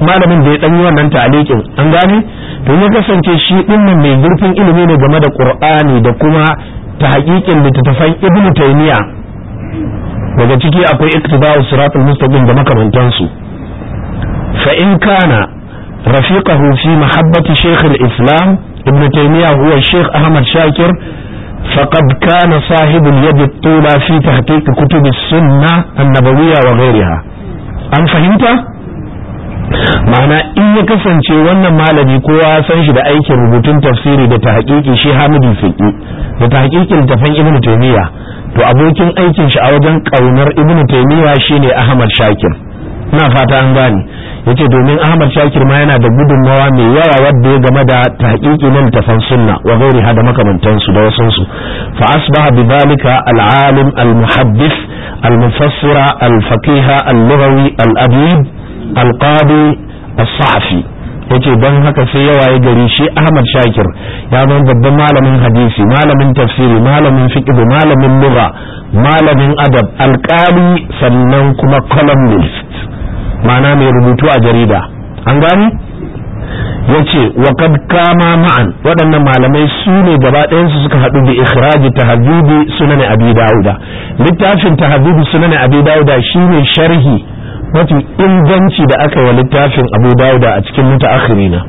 malamin da ya dan yi wannan ta'aliqin an gane to ya kasance shi din nan mai zurfin ilimi ne game da Qur'ani da kuma ta hakikin littattafan Ibn Taymiyyah daga ciki akwai iktida'u siratul mustaqim da su fa in kana rafiqahu fi mahabbati shaykh al-islam ibn taymiya huwa sheikh ahmad shakir faqad kana sahibu yad tula fi tahqiq kutub as-sunna an-nabawiyya wa ghayriha an fahimta ma'ana in ya kasance wannan malami kowa ya san shi da aikin rubutun tafsiri da tahqiqi shi Hamidu Fiqi da tahqiqin tafan Ibn Taymiyyah to abokin aikin shi a wajen kaunar Ibn Taymiyyah shine Ahmad Shakir na fata an gane yace domin Ahmad Shakir ma yana da gudunmawa mai yawa wadda ya game da tahqiqi nan sunna wa ghairiha da makamantan su da wasan su fa asbaha bidhalika al-alim al-muhaddith al-mufassira al-faqiha al-lughawi al-adib al-qadi sahafi yace don haka sai ya waye gari shi Ahmad Shakir ya zama babban malamin hadisi malamin tafsiri malamin fiqh malamin lugha malamin adab alqali sannan kuma columnist ma'ana mai rubutu a jarida an gani ya ce waƙad kama ma'an waɗannan malamai su ne gaba ɗayansu suka haɗu da ikhraji tahazzubi sunan abi dauda littafin tahazzubi sunan abi dauda shine sharhi mafi inganci da aka yi wa littafin abu dauda a cikin mutaakhirina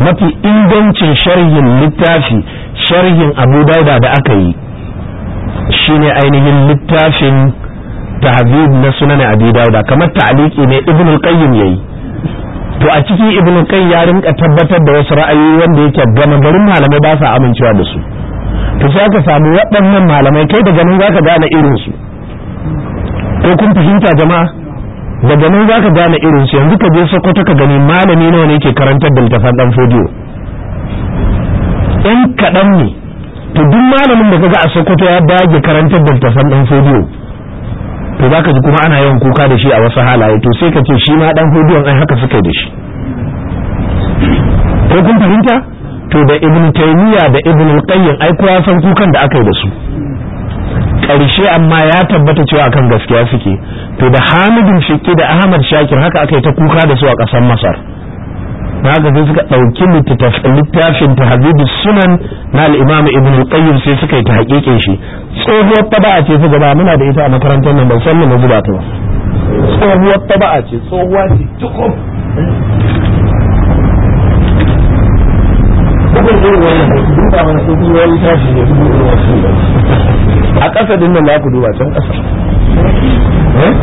mafi ingancin sharhin littafi sharhin abu dauda da aka yi shine ainihin littafin tahzib na sunan abi dauda kamar ta'liqi ne ibn al-qayyim yayi to a ciki ibn qayyim ya rinka tabbatar da wasu ra'ayoyi wanda yake gama garin malamai ba sa amincewa da su to sai aka samu waɗannan malamai kai da ganin zaka gane irin su ko kun fahimta jama'a daga nan zaka gane irin su yanzu ka je Sokoto ka gani malami nawa ne yake karantar da littafin dan fodiyo In kaɗan ne to duk malamin da kaga a Sokoto ya dage karantar da littafin dan fodiyo to ka ji kuma ana yawan kuka da shi a wasu halaye to sai ka ce shi ma dan hudiyon ai haka suka da shi ko kun fahimta to da ibn taymiya da ibn qayyim ai kowa san kukan da aka yi da su karshe amma ya tabbata cewa akan gaskiya suke to da hamidin shakki da ahmad shakir haka aka yi ta kuka da su a ƙasar masar na haka sai suka dauki littafin tahzibu sunan na al-imam ibn al-qayyim sai suka yi ta shi tsohuwar taba'a ce su gaba muna da ita a makarantar nan ban san na zuba ta ba tsohuwar taba'a ce tsohuwa ce tukum a ƙasa din nan za ku duba can ƙasa eh?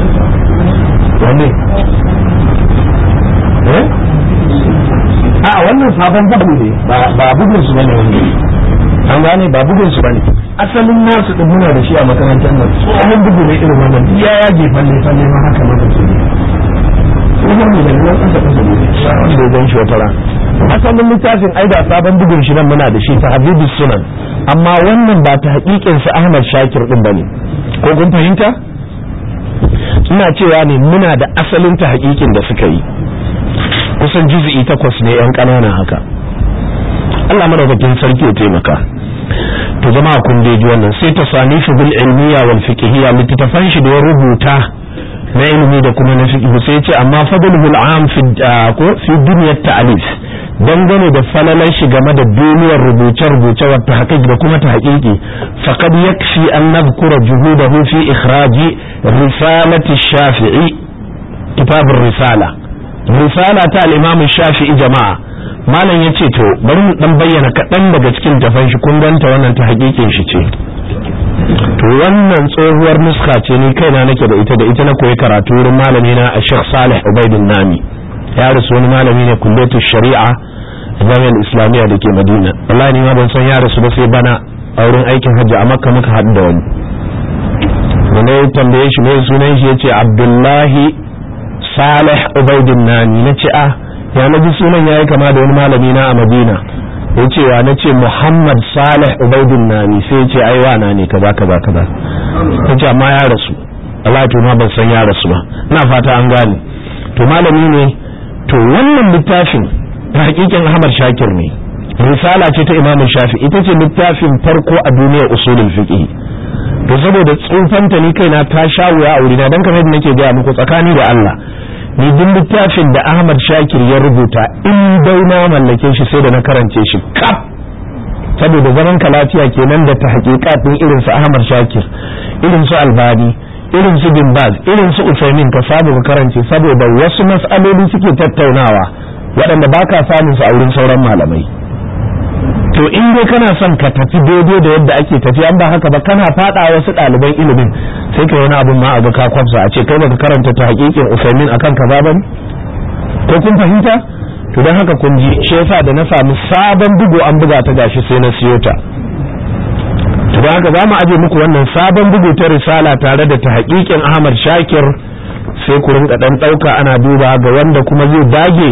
wanne eh? a wannan sabon bugu ne ba bugun su bane wani an gane ba bugun su bane asalin nasu din muna da shi a makarantar nan Amin bugu ne irin wannan ya yage falle falle ma haka ma ba asalin littafin ai da sabon bugun shi nan muna da shi ta habibus sunan amma wannan ba ta hakikin su ahmad shakir din bane ko kun fahimta ina cewa ne muna da asalin ta hakikin da suka yi kusan juzu'i takwas ne yan ƙanana haka Allah madaukakin sarki ya taimaka to zama kun dai ji wannan sai tasanifu bil ilmiya wal fiqhiyya littafan shi da ya rubuta na ilimi da kuma na fiqh sai ce amma fadluhul am fi ah, ko fi dunyat ta'alif dangane da falalar shi game da duniyar rubuce rubuce wa tahqiq da kuma tahqiqi faqad yakfi an nadhkura juhudahu fi ikhraji risalati shafi'i kitabur risala risala ta limamin shafi shafi'i jama'a malam ya ce to bari mu dan bayyana kaɗan daga cikin tafan shi kun wannan ta hakikin shi ce to wannan tsohuwar nuska ce ni kai na nake da ita da ita na koyi karatu wurin malami a shek Salih Ubaidun Nami ya rasu wani malami ne kullatu shari'a jami'ar islamiyya da ke madina Allah ne ma ban san ya rasu ba sai bana a wurin aikin hajji a makka muka haɗu da wani wanda ya tambaye shi mai sunan shi ya ce Abdullahi salih ubaidin nani na ce a ah, ya naji sunan ya yi kama da wani malami na a madina ya ce wa na ce muhammad salih ubaidin nani sai ya ce aiwa wana ne kaza kaza kaza ya ce amma ya rasu Allah to ma ban san ya rasu ba ina fata an gane to malami ne to wannan littafin hakikin Ahmad Shakir ne risala ce ta Imam Shafi ita ce littafin farko a duniyar usulul fiqh to saboda tsufanta ni kaina ta sha wuya a wurina dan kamar nake gaya muku tsakani da Allah ni duk littafin da Ahmad Shakir ya rubuta in dai na mallake shi sai da na karance shi kaf saboda zaman ka lafiya kenan da ta haƙiƙa irin su Ahmad Shakir irin su Albani irin su bin baz irin su Uthaymeen ka saba ka karance saboda wasu mas'aloli suke tattaunawa waɗanda baka ka samun su a wurin sauran malamai to in dai kana son ka tafi daidai da yadda ake tafi an ba haka ba kana fada wasu ɗaliban ilimin sai ka wani abun ma a ga ka a ce kai baka karanta ta hakikin usaimin akan kaza ba ko kun fahimta to don haka kun ji shi yasa da na samu sabon bugu an buga ta gashi sai na siyo ta to don haka za mu aje muku wannan sabon bugu ta risala tare da ta hakikin ahmad shakir sai ku rinka dan ɗauka ana duba ga wanda kuma zai dage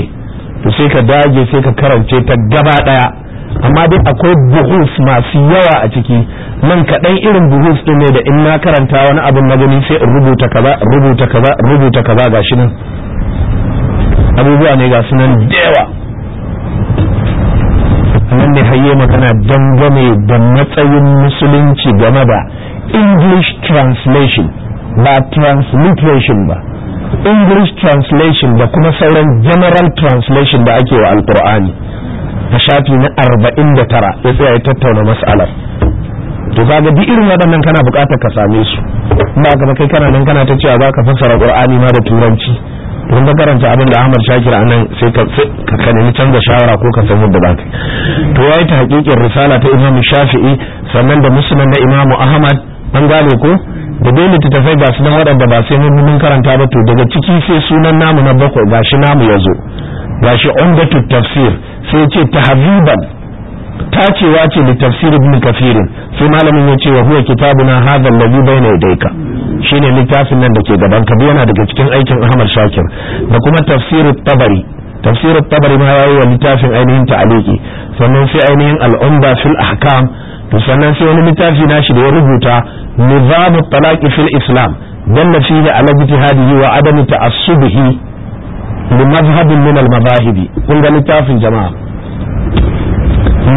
to sai ka dage sai ka karance ta gaba ɗaya amma dai akwai buhus masu yawa a ciki nan kaɗan irin buhus ɗin ne da in na karanta wani abin na gani sai in rubuta kaza rubuta kaza rubuta kaza ga shi nan abubuwa ne ga su nan da nan ne hayye magana dangane da matsayin musulunci game da english translation ba transliteration ba english translation da kuma sauran general translation da ake wa alkur'ani a shafi na 49 ya tsaya ya tattauna mas'alar to kaga duk irin waɗannan kana buƙatar ka same su ba ka kai kana nan kana ta cewa za fassara qur'ani ma da turanci don ka karanta abin da Ahmad Shakir anan sai ka ka ni canza shawara ko ka san yadda za ka to yayi ta hakikin risala ta Imam Shafi'i sannan da musulman na Imam Ahmad an gane ko da dai littattafai ga su nan waɗanda ba sai mun karanta ba to daga ciki sai sunan namu na bakwai gashi namu ya zo gashi umdatu tafsir sai ce tahabiban tacewa ce da tafsir ibn kafir sai malamin ya ce wa huwa kitabuna hadha alladhi bayna yadayka shine littafin nan da ke gaban ka yana daga cikin aikin Ahmad Shakir da kuma tafsir tabari tafsir tabari ma yayi wa littafin ainihin ta'aliki sannan sai ainihin al-umda fil ahkam sannan sai wani littafi nashi da ya rubuta nizamu talaqi fil islam dalla fihi ala ijtihadihi wa adami ta'assubihi li mazhabin min al mazahibi kun ga littafin jama'a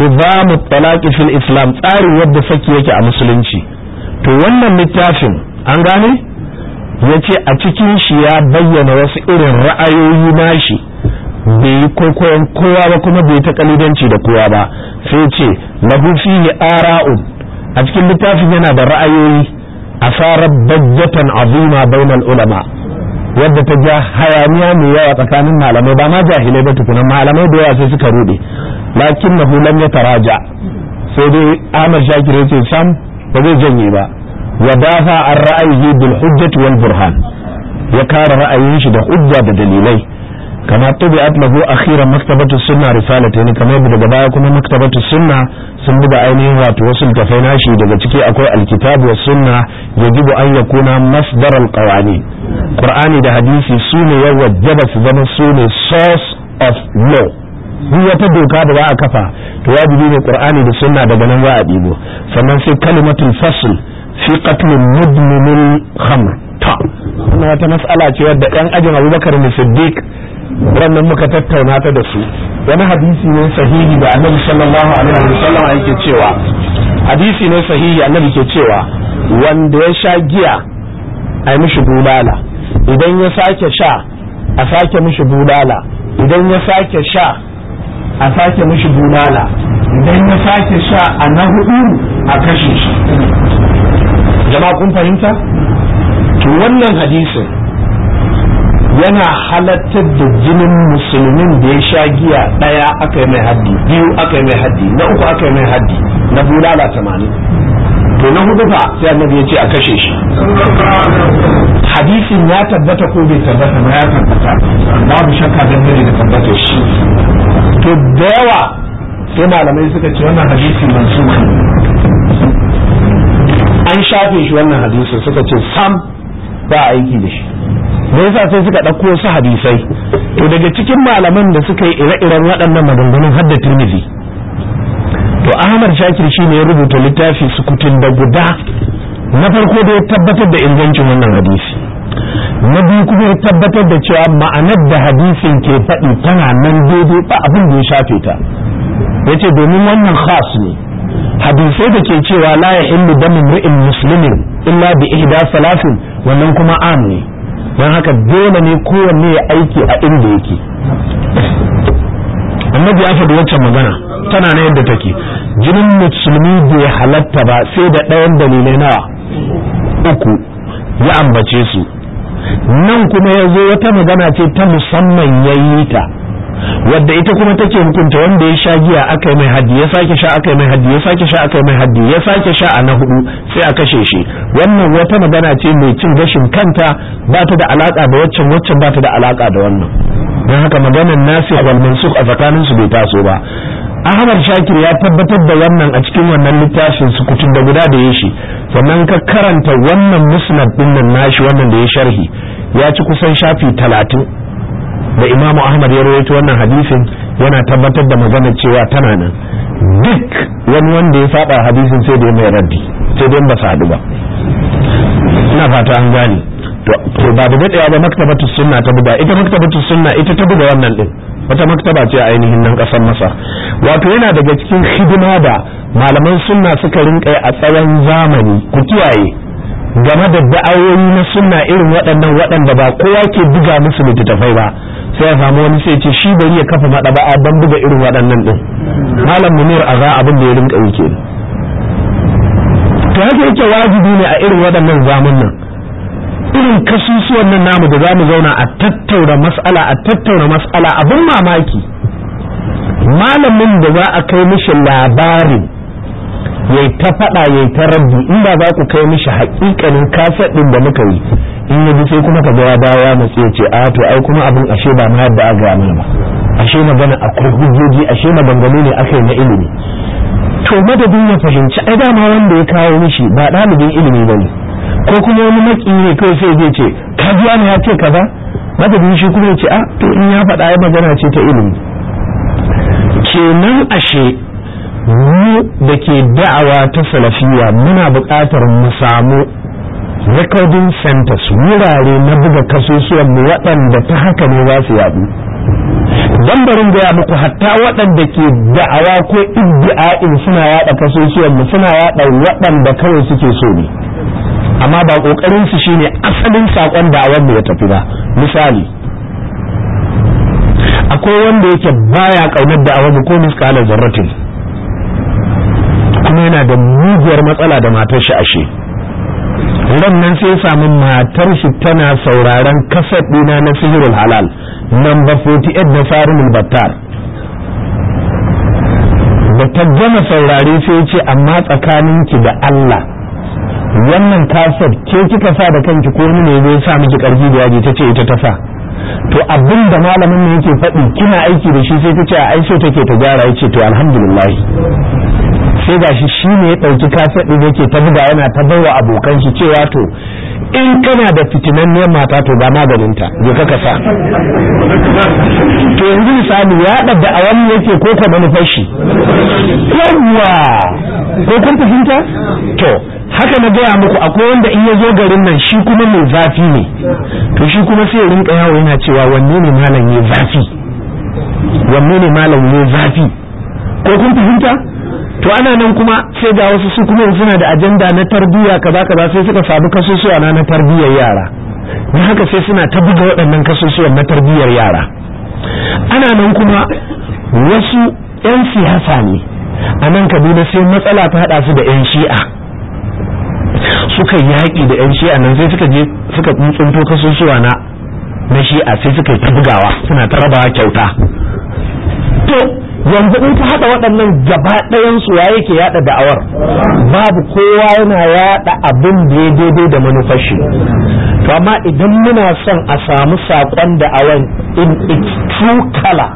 nizamu talaqi fil islam tsarin yadda saki yake a musulunci to wannan littafin an gane yace a cikin shi ya bayyana wasu irin ra'ayoyi nashi bai yi kwaikwayon kowa ba kuma bai ta kalidanci da kowa ba sai ce lahu fihi ara'un a cikin littafin yana da ra'ayoyi asarar bajjatan azima bainal ulama wadda ta ja hayaniya mai yawa tsakanin malamai ba ma jahilai ba tukunan malamai da yawa sai suka rude lakin na hulan ya taraja sai dai Ahmad Shakir yace sam ba zai janye ba wa dafa an ra'ayi bil hujjati wal burhan ya kare ra'ayin shi da hujja da dalilai kama tabi'at a akhiran maktabatu sunna risalatayn kamar daga baya kuma maktabatu sunna sun buga ainihin wato wasu littafai nashi daga ciki akwai alkitabu was sunna yajibu an yakuna masdar alqawani qur'ani da hadisi su ne ya wajaba su zama su ne source of law duk wata doka da za a kafa to wajibi ne qur'ani da sunna daga nan za a dibo sannan sai kalimatul fasl fi qatl mudmin khamr wannan wata matsala ce wadda dan ajin Abubakar ne Siddiq wannan muka tattauna ta da su wani hadisi ne sahihi da annabi sallallahu alaihi wasallam yake cewa hadisi ne sahihi annabi ke cewa wanda ya sha giya a yi mishi bulala idan ya sake sha a sake mishi bulala idan ya sake sha a sake mishi bulala idan ya sake sha a na hudu a kashe shi jama'a kun fahimta wannan hadisin yana halattar da jinin musulmin da ya sha giya daya aka yi mai haddi biyu aka yi mai haddi na uku aka yi mai haddi na bulala tamanin to na hudu fa sai annabi ya ce a kashe shi hadisin ya tabbata ko bai tabbata ba ya tabbata babu shakka dangane da tabbata shi to da yawa sai malamai suka ce wannan hadisi mansukh an shafe shi wannan hadisi suka ce sam ba aiki da shi da yasa sai suka ɗauko su hadisai to daga cikin malaman da suka yi ire-iren waɗannan maganganun hadda da turmizi to ahmad shakir shi ne ya rubuta littafi sukutun da guda na farko da ya tabbatar da ingancin wannan hadisi na biyu kuma ya tabbatar da cewa ma'anar da hadisin ke faɗi tana nan daidai ba abin da ya shafe ta Ya ce domin wannan khas ne hadisai da ke cewa la ya illu damin musulmin illa bi ihda salafin wannan kuma am ne don haka dole ne kowanne ya aiki a inda yake annabi ya faɗi wacce magana tana na yadda take jinin musulmi bai halatta ba sai da ɗayan dalilai nawa uku ya ambace su nan kuma ya zo wata magana ce ta musamman ya ta wadda ita kuma take hukunta wanda ya sha giya aka mai haddi ya sake sha aka mai haddi ya sake sha aka mai haddi ya sake sha a na hudu sai a kashe shi wannan wata magana ce mai cin gashin kanta ba ta da alaka da waccan waccan ba ta da alaka da wannan don haka maganar nasi wal su a tsakanin su bai taso ba Ahmad Shakir ya tabbatar da wannan a cikin wannan littafin su kutun da guda da ya shi sannan ka karanta wannan musnad din nan nashi wannan da ya sharhi ya ci kusan shafi talatin da imamu ahmad ya rawaito wannan hadisin yana tabbatar da maganar cewa tana nan duk wani wanda ya saba hadisin sai da mai raddi sai dai ba su haɗu ba ina fata an gane to ba da daɗewa ba maktabatu sunna ta buga ita maktabatu sunna ita ta buga wannan din wata maktaba ce ainihin nan ƙasar masa wato yana daga cikin hidima da malaman sunna suka rinka a tsawon zamani ku kiyaye game da da'awoyi na sunna irin waɗannan waɗanda ba kowa ke buga musu littattafai ba sai ya samu wani sai ce shi bari ya kafa maɗaba'a don buga irin waɗannan ɗin malam munir a za abin da ya rinka yake. to haka yake wajibi ne a irin waɗannan zamun nan irin kasusuwan nan namu da zamu zauna a tattauna mas'ala a tattauna mas'ala abin mamaki malamin da za a kai mishi labarin ya ta faɗa ya ta rabbi in ba za ku kai mishi haƙiƙanin kaset ɗin da muka yi in ya ji sai kuma ka ya dawo ya matsi ya ce a to ai kuma abin ashe ba na yadda aka gane ba ashe magana akwai hujjoji ashe maganganu ne aka yi na ilimi to madadin ya fahimci ai dama wanda ya kawo mishi ba ɗalibin ilimi ba ne ko kuma wani maki ne kawai sai zai ce ka ji ya ce kaza madadin shi kuma ya ce a to in ya faɗa ai magana ce ta ilimi kenan ashe mu da ke da'awa ta salafiya muna buƙatar mu samu recording centers wurare na buga kasusuwan mu waɗanda ta haka ne za su yaɗu dan barin gaya muku hatta waɗanda ke da'awa ko ibdi'a'in suna yaɗa kasusuwan mu suna yaɗa waɗanda kawai suke so ne amma ba ƙoƙarinsu su shine asalin saƙon da'awar mu ya tafi ba misali akwai wanda yake baya kaunar da'awar mu ko miskalar zarratin yana da mugiyar matsala da matar shi ashe nan sai samu matar shi tana sauraron kasar dina na sihirul halal number 48 na farin battar da ta gama saurare sai ce amma tsakanin ki da Allah wannan kasar ke kika sa da kanki ko ne zai sa miki karfi da yaji tace ita ta sa to abin da malamin ne yake faɗi kina aiki da shi sai ta a ai take ta gyara yace to alhamdulillah sai ga shi shi ne ya ɗauki kasar ɗin yake ta buga yana ta baiwa abokan shi cewa to in kana da ne mata to ga maganinta je ka kasa to yanzu misali ya ɗabda a wani yake ko ka manufar shi yawwa ko kun fahimta to haka na gaya muku akwai wanda in ya zo garin nan shi kuma mai zafi ne to shi kuma sai ya rinka yawo yana cewa wanne ne malam ya zafi wanne ne malam ya zafi ko kun fahimta to ana nan kuma sai ga wasu su kuma suna da ajanda na tarbiyya kaza kaza sai suka samu kasusuwa na na tarbiyyar yara na haka sai suna ta buga waɗannan kasusuwan na tarbiyyar yara ana nan kuma wasu 'yan siyasa ne a nan kaduna sai matsala ta haɗa su da 'yan shi'a suka yaƙi da 'yan shi'a nan sai suka je suka kasusuwa na na shi'a sai suka yi ta bugawa suna ta rabawa kyauta to yanzu in ka haɗa waɗannan gaba ɗayansu ya yake yaɗa da'awar babu kowa yana yaɗa abin da ya daidai da manufashi shi to amma idan muna son a samu saƙon da'awar in its true color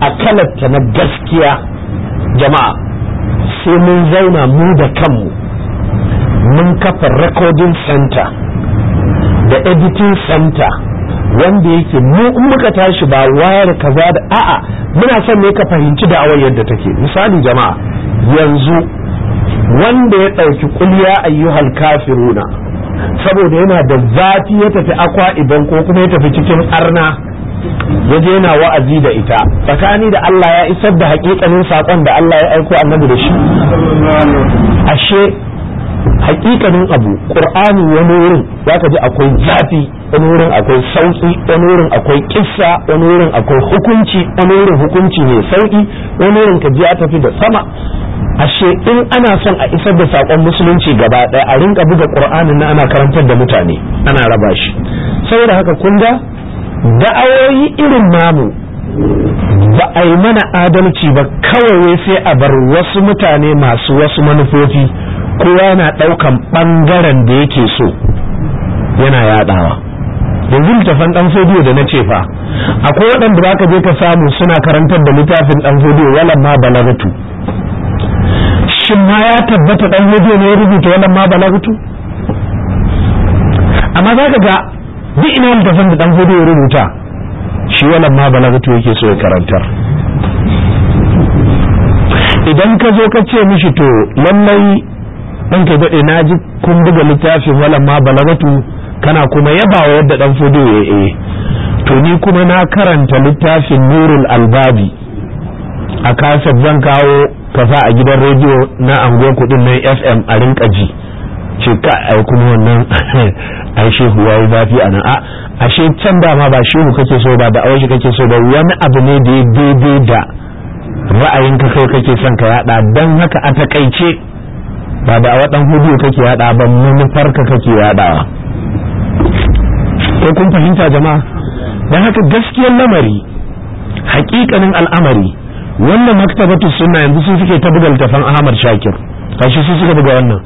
a kalarta na gaskiya jama'a sai mun zauna mu da kanmu mun kafa recording center da editing center wanda yake mu in muka tashi ba wayar kaza da a'a muna son ne ka fahimci da awayar yadda take misali jama'a yanzu wanda ya ɗauki kulya ayyuhal kafiruna saboda yana da zafi ya tafi akwa idan ko kuma ya tafi cikin arna ya je yana wa'azi da ita tsakani da Allah ya isar da hakikanin saƙon da Allah ya aiko annabi da shi ashe hakikanin abu qur'ani wani wurin zaka ji akwai zafi wani wurin akwai sauki wani wurin akwai kissa wani wurin akwai hukunci wani wurin hukunci ne sauki wani wurin ka ji ya tafi da sama ashe in ana son a isar da sakon musulunci gaba ɗaya a rinka buga qur'ani na ana karantar da mutane ana raba shi saboda haka kun ga da'awoyi irin namu ba a yi mana adalci ba kawai sai a bar wasu mutane masu wasu manufofi kowa na ɗaukan ɓangaren da yake so yana yaɗawa yanzu littafan ɗan fodiyo da na ce fa akwai waɗanda za ka je ka samu suna karantar da littafin ɗan fodiyo wala ma balagatu shin ma ya tabbata ɗan fodiyo ne ya rubuta wala ma balagatu amma za ka ga duk ina littafin da ɗan fodiyo ya rubuta shi wala ma balagatu yake so ya karantar idan ka zo ka ce mishi to lallai dan kai dade na ji kun buga littafin wala ma balagatu kana kuma yabawa yadda dan fudu ya eh to ni kuma na karanta littafin nurul albabi a kasar zan kawo kasa a gidan rediyo na anguwar kudin nan fm a rinka ji ce ka ai kuma wannan ai shehu yayi zafi a nan a ashe can dama ba shehu kake so ba da awai kake so ba wani abu ne da ya daidai da ra'ayinka kai kake son ka yada dan haka a takaice ba da a dan hudu kake yada ba manufar ka kake yadawa ko kun fahimta jama'a don haka gaskiyar lamari hakikanin al'amari wannan maktabatu suna yanzu sun suke ta buga Ahmad Shakir gashi su suka buga wannan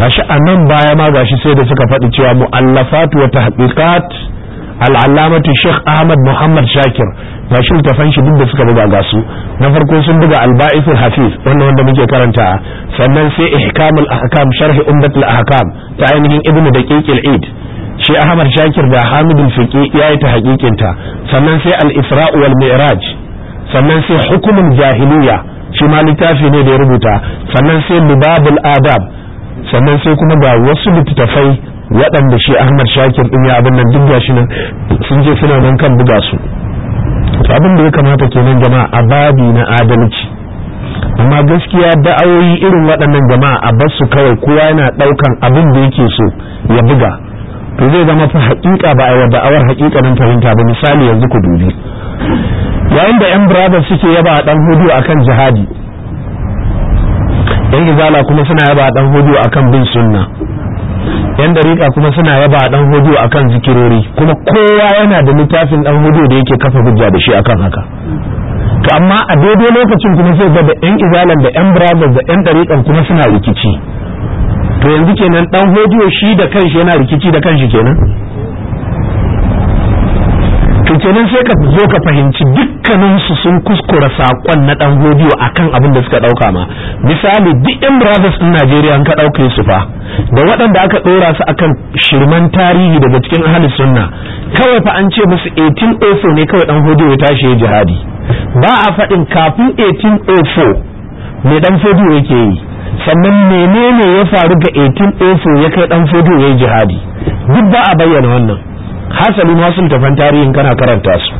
gashi a nan baya ma gashi sai da suka faɗi cewa mu'allafatu wa tahqiqat al'allamatu sheikh ahmad muhammad shakir ga shi littafan shi duk da suka buga ga su na farko sun buga alba'isul hafiz wannan wanda muke karanta sannan sai ihkamul ahkam sharhi umdatul ahkam ta ainihin ibnu daqiqil id shi ahmad shakir da hamidul fiqi yayi ta hakikinta sannan sai al-isra wal mi'raj sannan sai hukumul jahiliya shi ma littafi ne da ya rubuta sannan sai lubabul adab sannan sai kuma ga wasu littattafai waɗanda shi ahmad shakir ɗin ya abin nan duk gashi nan sun je suna nan kan buga su abin da ya kamata kenan jama'a a babi na adalci amma gaskiya da'awoyi irin waɗannan jama'a a basu kawai kowa yana ɗaukan abin da yake so ya buga to zai zama fa haƙiƙa ba a yi da'awar nan fahimta ba misali yanzu ku dubi yayin da 'yan brothers suke yaba a ɗan hudu akan jihadi yan izala kuma suna yaba a ɗan hudu akan bin sunna yan dariƙa kuma suna yaba ɗan hudu akan zikirori kuma kowa yana da littafin ɗan hudu da yake kafa hujja da shi akan haka to amma a daidai lokacin kuma sai ga da yan izalan da yan brothers da yan dariƙan kuma suna rikici to yanzu kenan ɗan hudu shi da kanshi yana rikici da kanshi kenan to kenan sai ka zo ka fahimci duk dukkaninsu sun kuskura saƙon na ɗan a akan abin da suka ɗauka ma misali duk yan brothers ɗin najeriya an ka ɗauke su fa da waɗanda aka ɗora su akan shirman tarihi daga cikin ahalin sunna kawai fa an ce musu 1804 ne kawai ɗan hodiyo ya tashi ya jihadi ba a faɗin kafin 1804 me ɗan hodiyo yake yi sannan menene ya faru ga 1804 ya kai ɗan hodiyo ya yi jihadi duk ba a bayyana wannan hasali ma sun tafan tarihin kana karanta su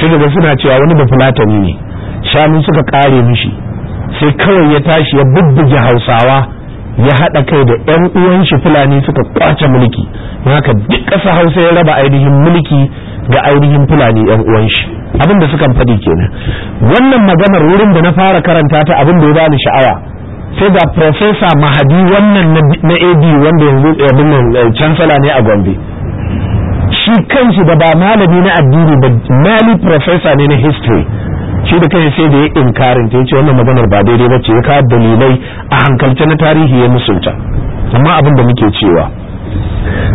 sai ga suna cewa wani da fulatani ne shanu suka kare mishi sai kawai ya tashi ya bubbuge hausawa ya haɗa kai da yan uwan shi fulani suka kwace mulki don haka duk ƙasa hausa ya raba ainihin mulki ga ainihin fulani yan uwan shi abin da sukan faɗi kenan wannan maganar wurin da na fara karanta ta abin da ya bani sha'awa sai ga profesa mahadi wannan na ad wanda yanzu eh, abin nan eh, chancellor ne a gombe shi kanshi da ba malami na addini ba mali professor ne na history shi da kai sai da ya inkarin ta yace wannan maganar ba daidai ba ce ya ka dalilai a hankalce na tarihi ya musulta amma abin da muke cewa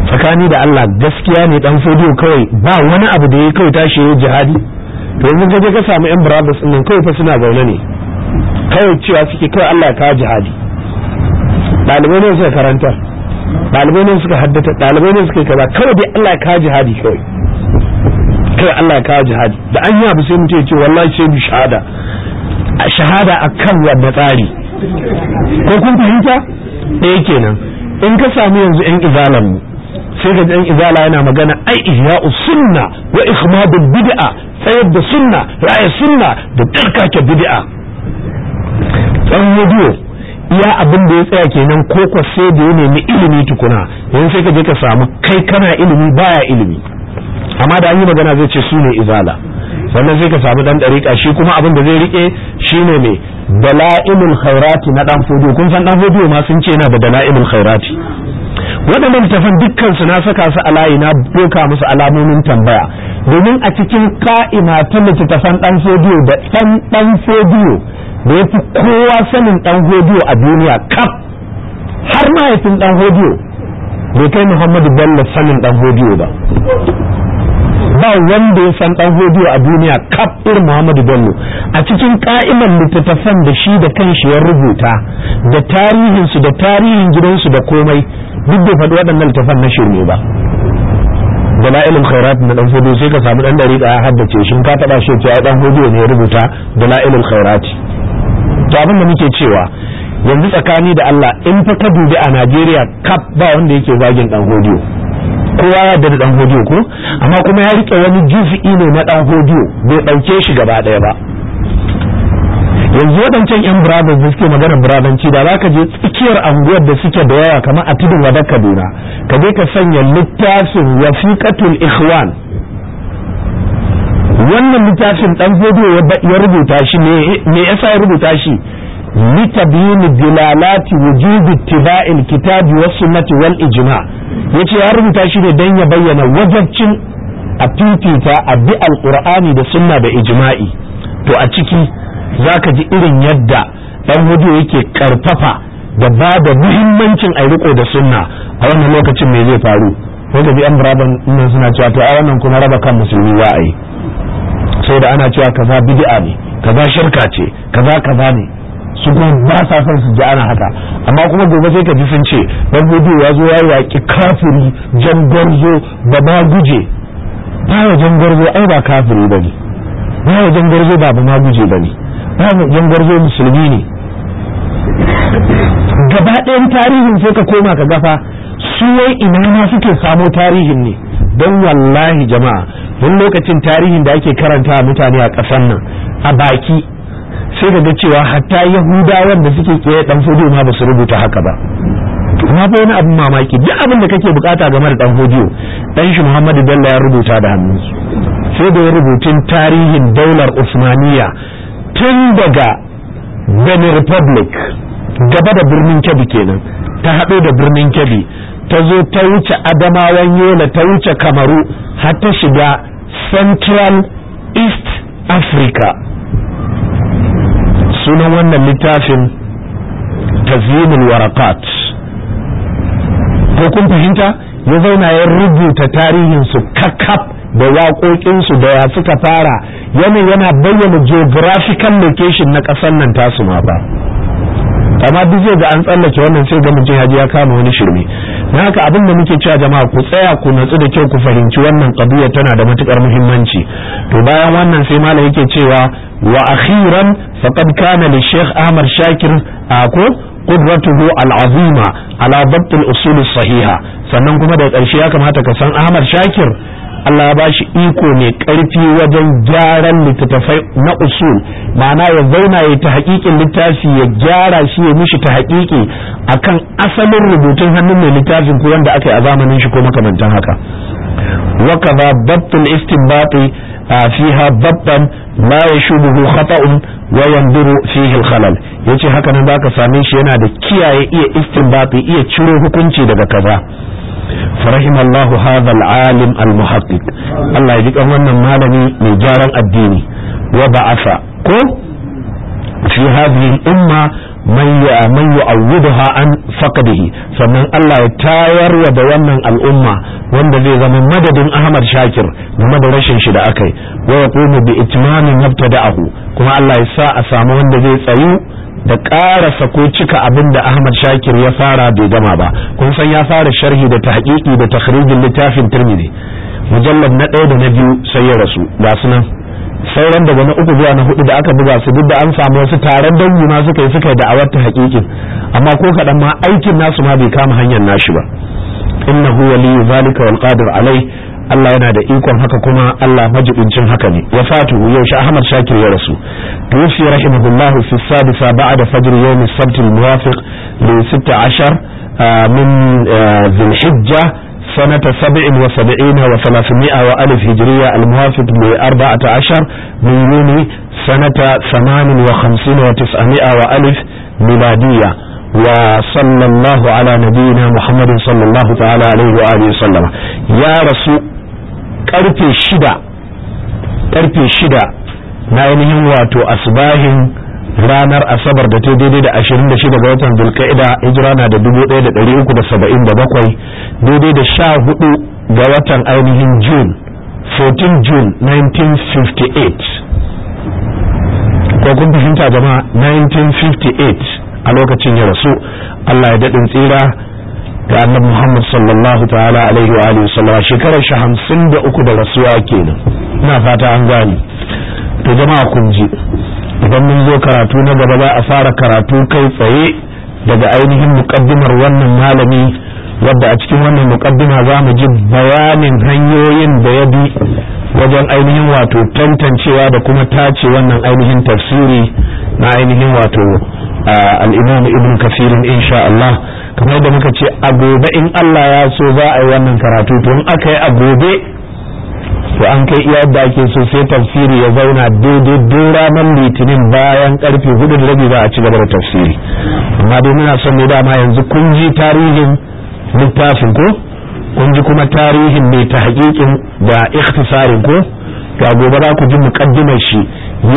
tsakani da Allah gaskiya ne dan fodiyo kawai ba wani abu da ya kawai tashi ya jihadi to yanzu ga ka samu yan brothers din kawai fa suna zaune ne kawai cewa suke kawai Allah ka jihadi ɗalibai ne suka karanta ɗalibai ne suka haddata ɗalibai ne suka kaza kawai dai Allah ya kawo jihadi kawai kai Allah ya kawo jihadi da an yi abu sai mutum ya ce wallahi sai mu shahada shahada akan wanda tsari ko kun fahimta ɗaya kenan in ka samu yanzu yan izalan mu sai ga yan izala yana magana ai ihya'u sunna wa ikhmadul bid'a tsayar da sunna ra'ayi sunna da tsarkake bid'a dan rediyo iya abin da ya tsaya kenan ko ko sai da ya nemi ilimi tukuna yanzu sai ka je ka samu kai kana ilimi baya ilimi amma da an yi magana zai ce su ne izala Wannan sai ka samu dan dariƙa shi kuma abin da zai rike shi ne dala'ilul khairati na dan fodiyo kun san dan fodiyo ma sun ce yana da dala'ilul khairati waɗannan littafan dukkan na saka su a layi na doka musu alamomin tambaya domin a cikin ka'ima ta san ɗan fodiyo da ɗan ɗan fodiyo da ya fi kowa sanin ɗan fodiyo a duniya kaf har mahaifin ɗan fodiyo bai kai muhammadu bello sanin ɗan fodiyo ba ba wanda ya san dan hodiyo a duniya kaf irin Muhammadu Bello a cikin ka'iman littattafan da shi da kanshi ya rubuta da tarihin da tarihin gidansu da komai duk da faɗi waɗannan littattafan na shirme ba dala'ilul khairat na dan hodiyo sai ka samu dan da ya haddace shi ka taba shi ce dan hodiyo ne ya rubuta dala'ilul khairat to abin da muke cewa yanzu tsakani da Allah in fa ka dubi a Najeriya kaf ba wanda yake zagin dan hodiyo kowa ya da dan hodiyo ko amma kuma ya rike wani juz'i ne na dan hodiyo bai dauke shi gaba daya ba yanzu waɗancan yan brothers da suke magana brabanci da zaka je tsakiyar anguwar da suke da yawa kamar a tudun wadar kaduna ka je ka sanya littafin wasiqatul ikhwan wannan littafin dan hodiyo ya rubuta shi me yasa ya rubuta shi litabyin dilalati wujub ittiba' alkitab wa sunnati wal ijma' yace ya rubuta shi ne dan ya bayyana wajabcin a fifita a bi alqur'ani da sunna da ijima'i. to a ciki zaka ji irin yadda dan hudu yake karfafa da ba da muhimmancin a da sunna a wannan lokacin mai zai faru wanda bi an nan suna cewa to a wannan kuma raba kan musulmi za a da ana cewa kaza bid'a ne kaza shirka ce kaza kaza ne su kuma ba sa son su ji ana haka amma kuma gobe sai ka ji sun ce dan hudu ya zo ya yaki kafiri jangorzo ba ma guje ba jangorzo ai ba kafiri bane ba jangorzo ba ba ma guje bane ba gwarzo musulmi ne gaba ɗayan tarihin sai ka koma ka gafa su wai ina ma suke samo tarihin ne don wallahi jama'a wani lokacin tarihin da ake karanta mutane a ƙasar nan a baki sai ka ga cewa hatta yahudawan da suke kiyaye dan fodiyo ma ba su rubuta haka ba na fa wani abin mamaki duk abin da kake bukata game da dan fodiyo dan shi Muhammadu Bello ya rubuta da hannu. sai da ya rubutun tarihin daular Usmaniya tun daga Benin Republic gaba da birnin Kebbi kenan ta haɗo da birnin Kebbi ta zo ta wuce Adamawan Yola ta wuce Kamaru har ta shiga Central East Africa sunan wannan littafin tazimul warakat ko kun fahimta ya zauna ya rubuta tarihinsu kakkaf da waƙoƙinsu da ya suka fara yana yana bayyana geographical location na ƙasar nan tasu ma ba amma duk zai ga an tsallake wannan sai ga mutum yaji ya kama wani shirme na haka abin da muke cewa jama'a ku tsaya ku natsu da kyau ku fahimci wannan qadiyya tana da matukar muhimmanci to bayan wannan sai malam yake cewa wa akhiran faqad kana li Sheikh Ahmad Shakir ko قدرته العظيمة على ضبط الأصول sahiha sannan kuma da ƙarshe ya kamata ka san Ahmad Shakir Allah ya ba shi iko mai ƙarfi wajen gyaran littattafai na usul ma'ana ya zauna ya ta haƙiƙin littafi ya gyara shi ya mishi ta haƙiƙi kan asalin rubutun hannun mai littafin ko wanda aka yi a zamanin shi ko makamantan haka wa ba babtul fiha babban la yashubuhu khata'un wa yanzuru fihi al-khalal yace haka nan zaka same shi yana da kiyaye iya istinbati iya ciro hukunci daga kaza alim al هذا allah المحقق الله يجيك wannan malami mai gyaran addini wa ba'asa ko fi hadhihi al-umma man ya man yu'awwidaha an faqdihi sannan Allah ya tayar wa da wannan al'umma wanda zai zama madadin Ahmad Shakir game da rashin shi da akai ko mu bi itimamin itmami mabtada'ahu kuma Allah ya sa a samu wanda zai tsayu da ƙarasa ko cika abin da Ahmad Shakir ya fara bai gama ba kun san ya fara sharhi da tahqiqi da takhrijin littafin Tirmidhi mujallar na ɗaya da na biyu sai ya rasu ga sunan sauran daga na uku zuwa na hudu da aka buga su duk da an samu wasu taron dangi ma suka yi suka yi da'awar ta haƙiƙin amma ko kaɗan ma aikin nasu ma bai kama hanyar nashi ba innahu waliyyu zalika wal qadir alai Allah yana da ikon haka kuma Allah majibincin haka ne ya fatu yaushe Ahmad Shakir ya rasu tuwfi rahimahullahu fi sadisa ba'da fajr yawm as-sabt al-muwafiq li 16 ah, min ah, dhil سنة سبع وسبعين وثلاثمائة وألف هجرية الموافق لأربعة عشر من يوني سنة ثمان وخمسين وتسعمائة وألف ميلادية وصلى الله على نبينا محمد صلى الله تعالى عليه وآله وسلم يا رسول قرب الشدة قرب الشدة ناينهم نعم، واتو أصباهم ranar asabar da ta daidai da 26 ga watan zulka'ida hijira na da 1377 daidai da 14 ga watan ainihin june 14 june 1958 ko kun fahimta jama'a 1958 a lokacin ya rasu Allah ya daɗin tsira ga annabi Muhammad sallallahu ta'ala alaihi wa alihi sallama shekarar shi hamsin da uku da rasuwa kenan ina fata an gani to jama'a kun ji idan mun zo karatu na gaba za a fara karatu kai tsaye daga ainihin mukaddimar wannan malami wadda a cikin wannan mukaddima za mu ji bayanin hanyoyin da ya bi wajen ainihin wato tantancewa da kuma tace wannan ainihin tafsiri na ainihin wato al'imam ibn kafirin insha Allah kamar da muka ce a gobe in Allah ya so za a yi wannan karatu to in aka yi a gobe to an kai iya yadda ake so sai tafsiri ya zauna daidai duk ranar litinin bayan karfe hudu da rabi ba a ci gaba da tafsiri amma dai muna son ne dama yanzu kun ji tarihin littafin ko kun ji kuma tarihin mai ta hakikin da ikhtisarin ko ga gobe za ku ji mukaddimar shi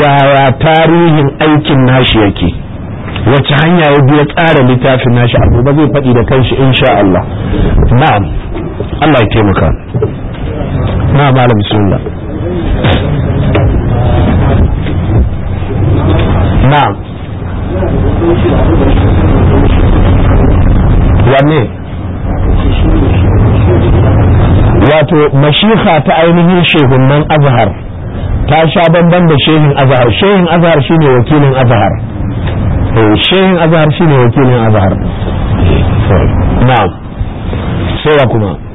yaya tarihin aikin nashi yake wacce hanya ya biya tsara littafin nashi a gobe zai faɗi da kanshi insha Allah na'am Allah ya taimaka نعم على بسم الله نعم يعني واتو مشيخة تعينه شيخ من أظهر تاشا بمبن ده شيخ أظهر شيخ أظهر شيني وكيل أظهر إيه، شيخ أظهر شيني وكيل أظهر نعم سيكما نعم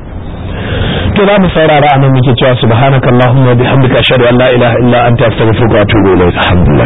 to za mu saurara a nan muke cewa subhanakallahumma wa bihamdika ashhadu an la ilaha illa anta astaghfiruka wa atubu ilayk alhamdulillah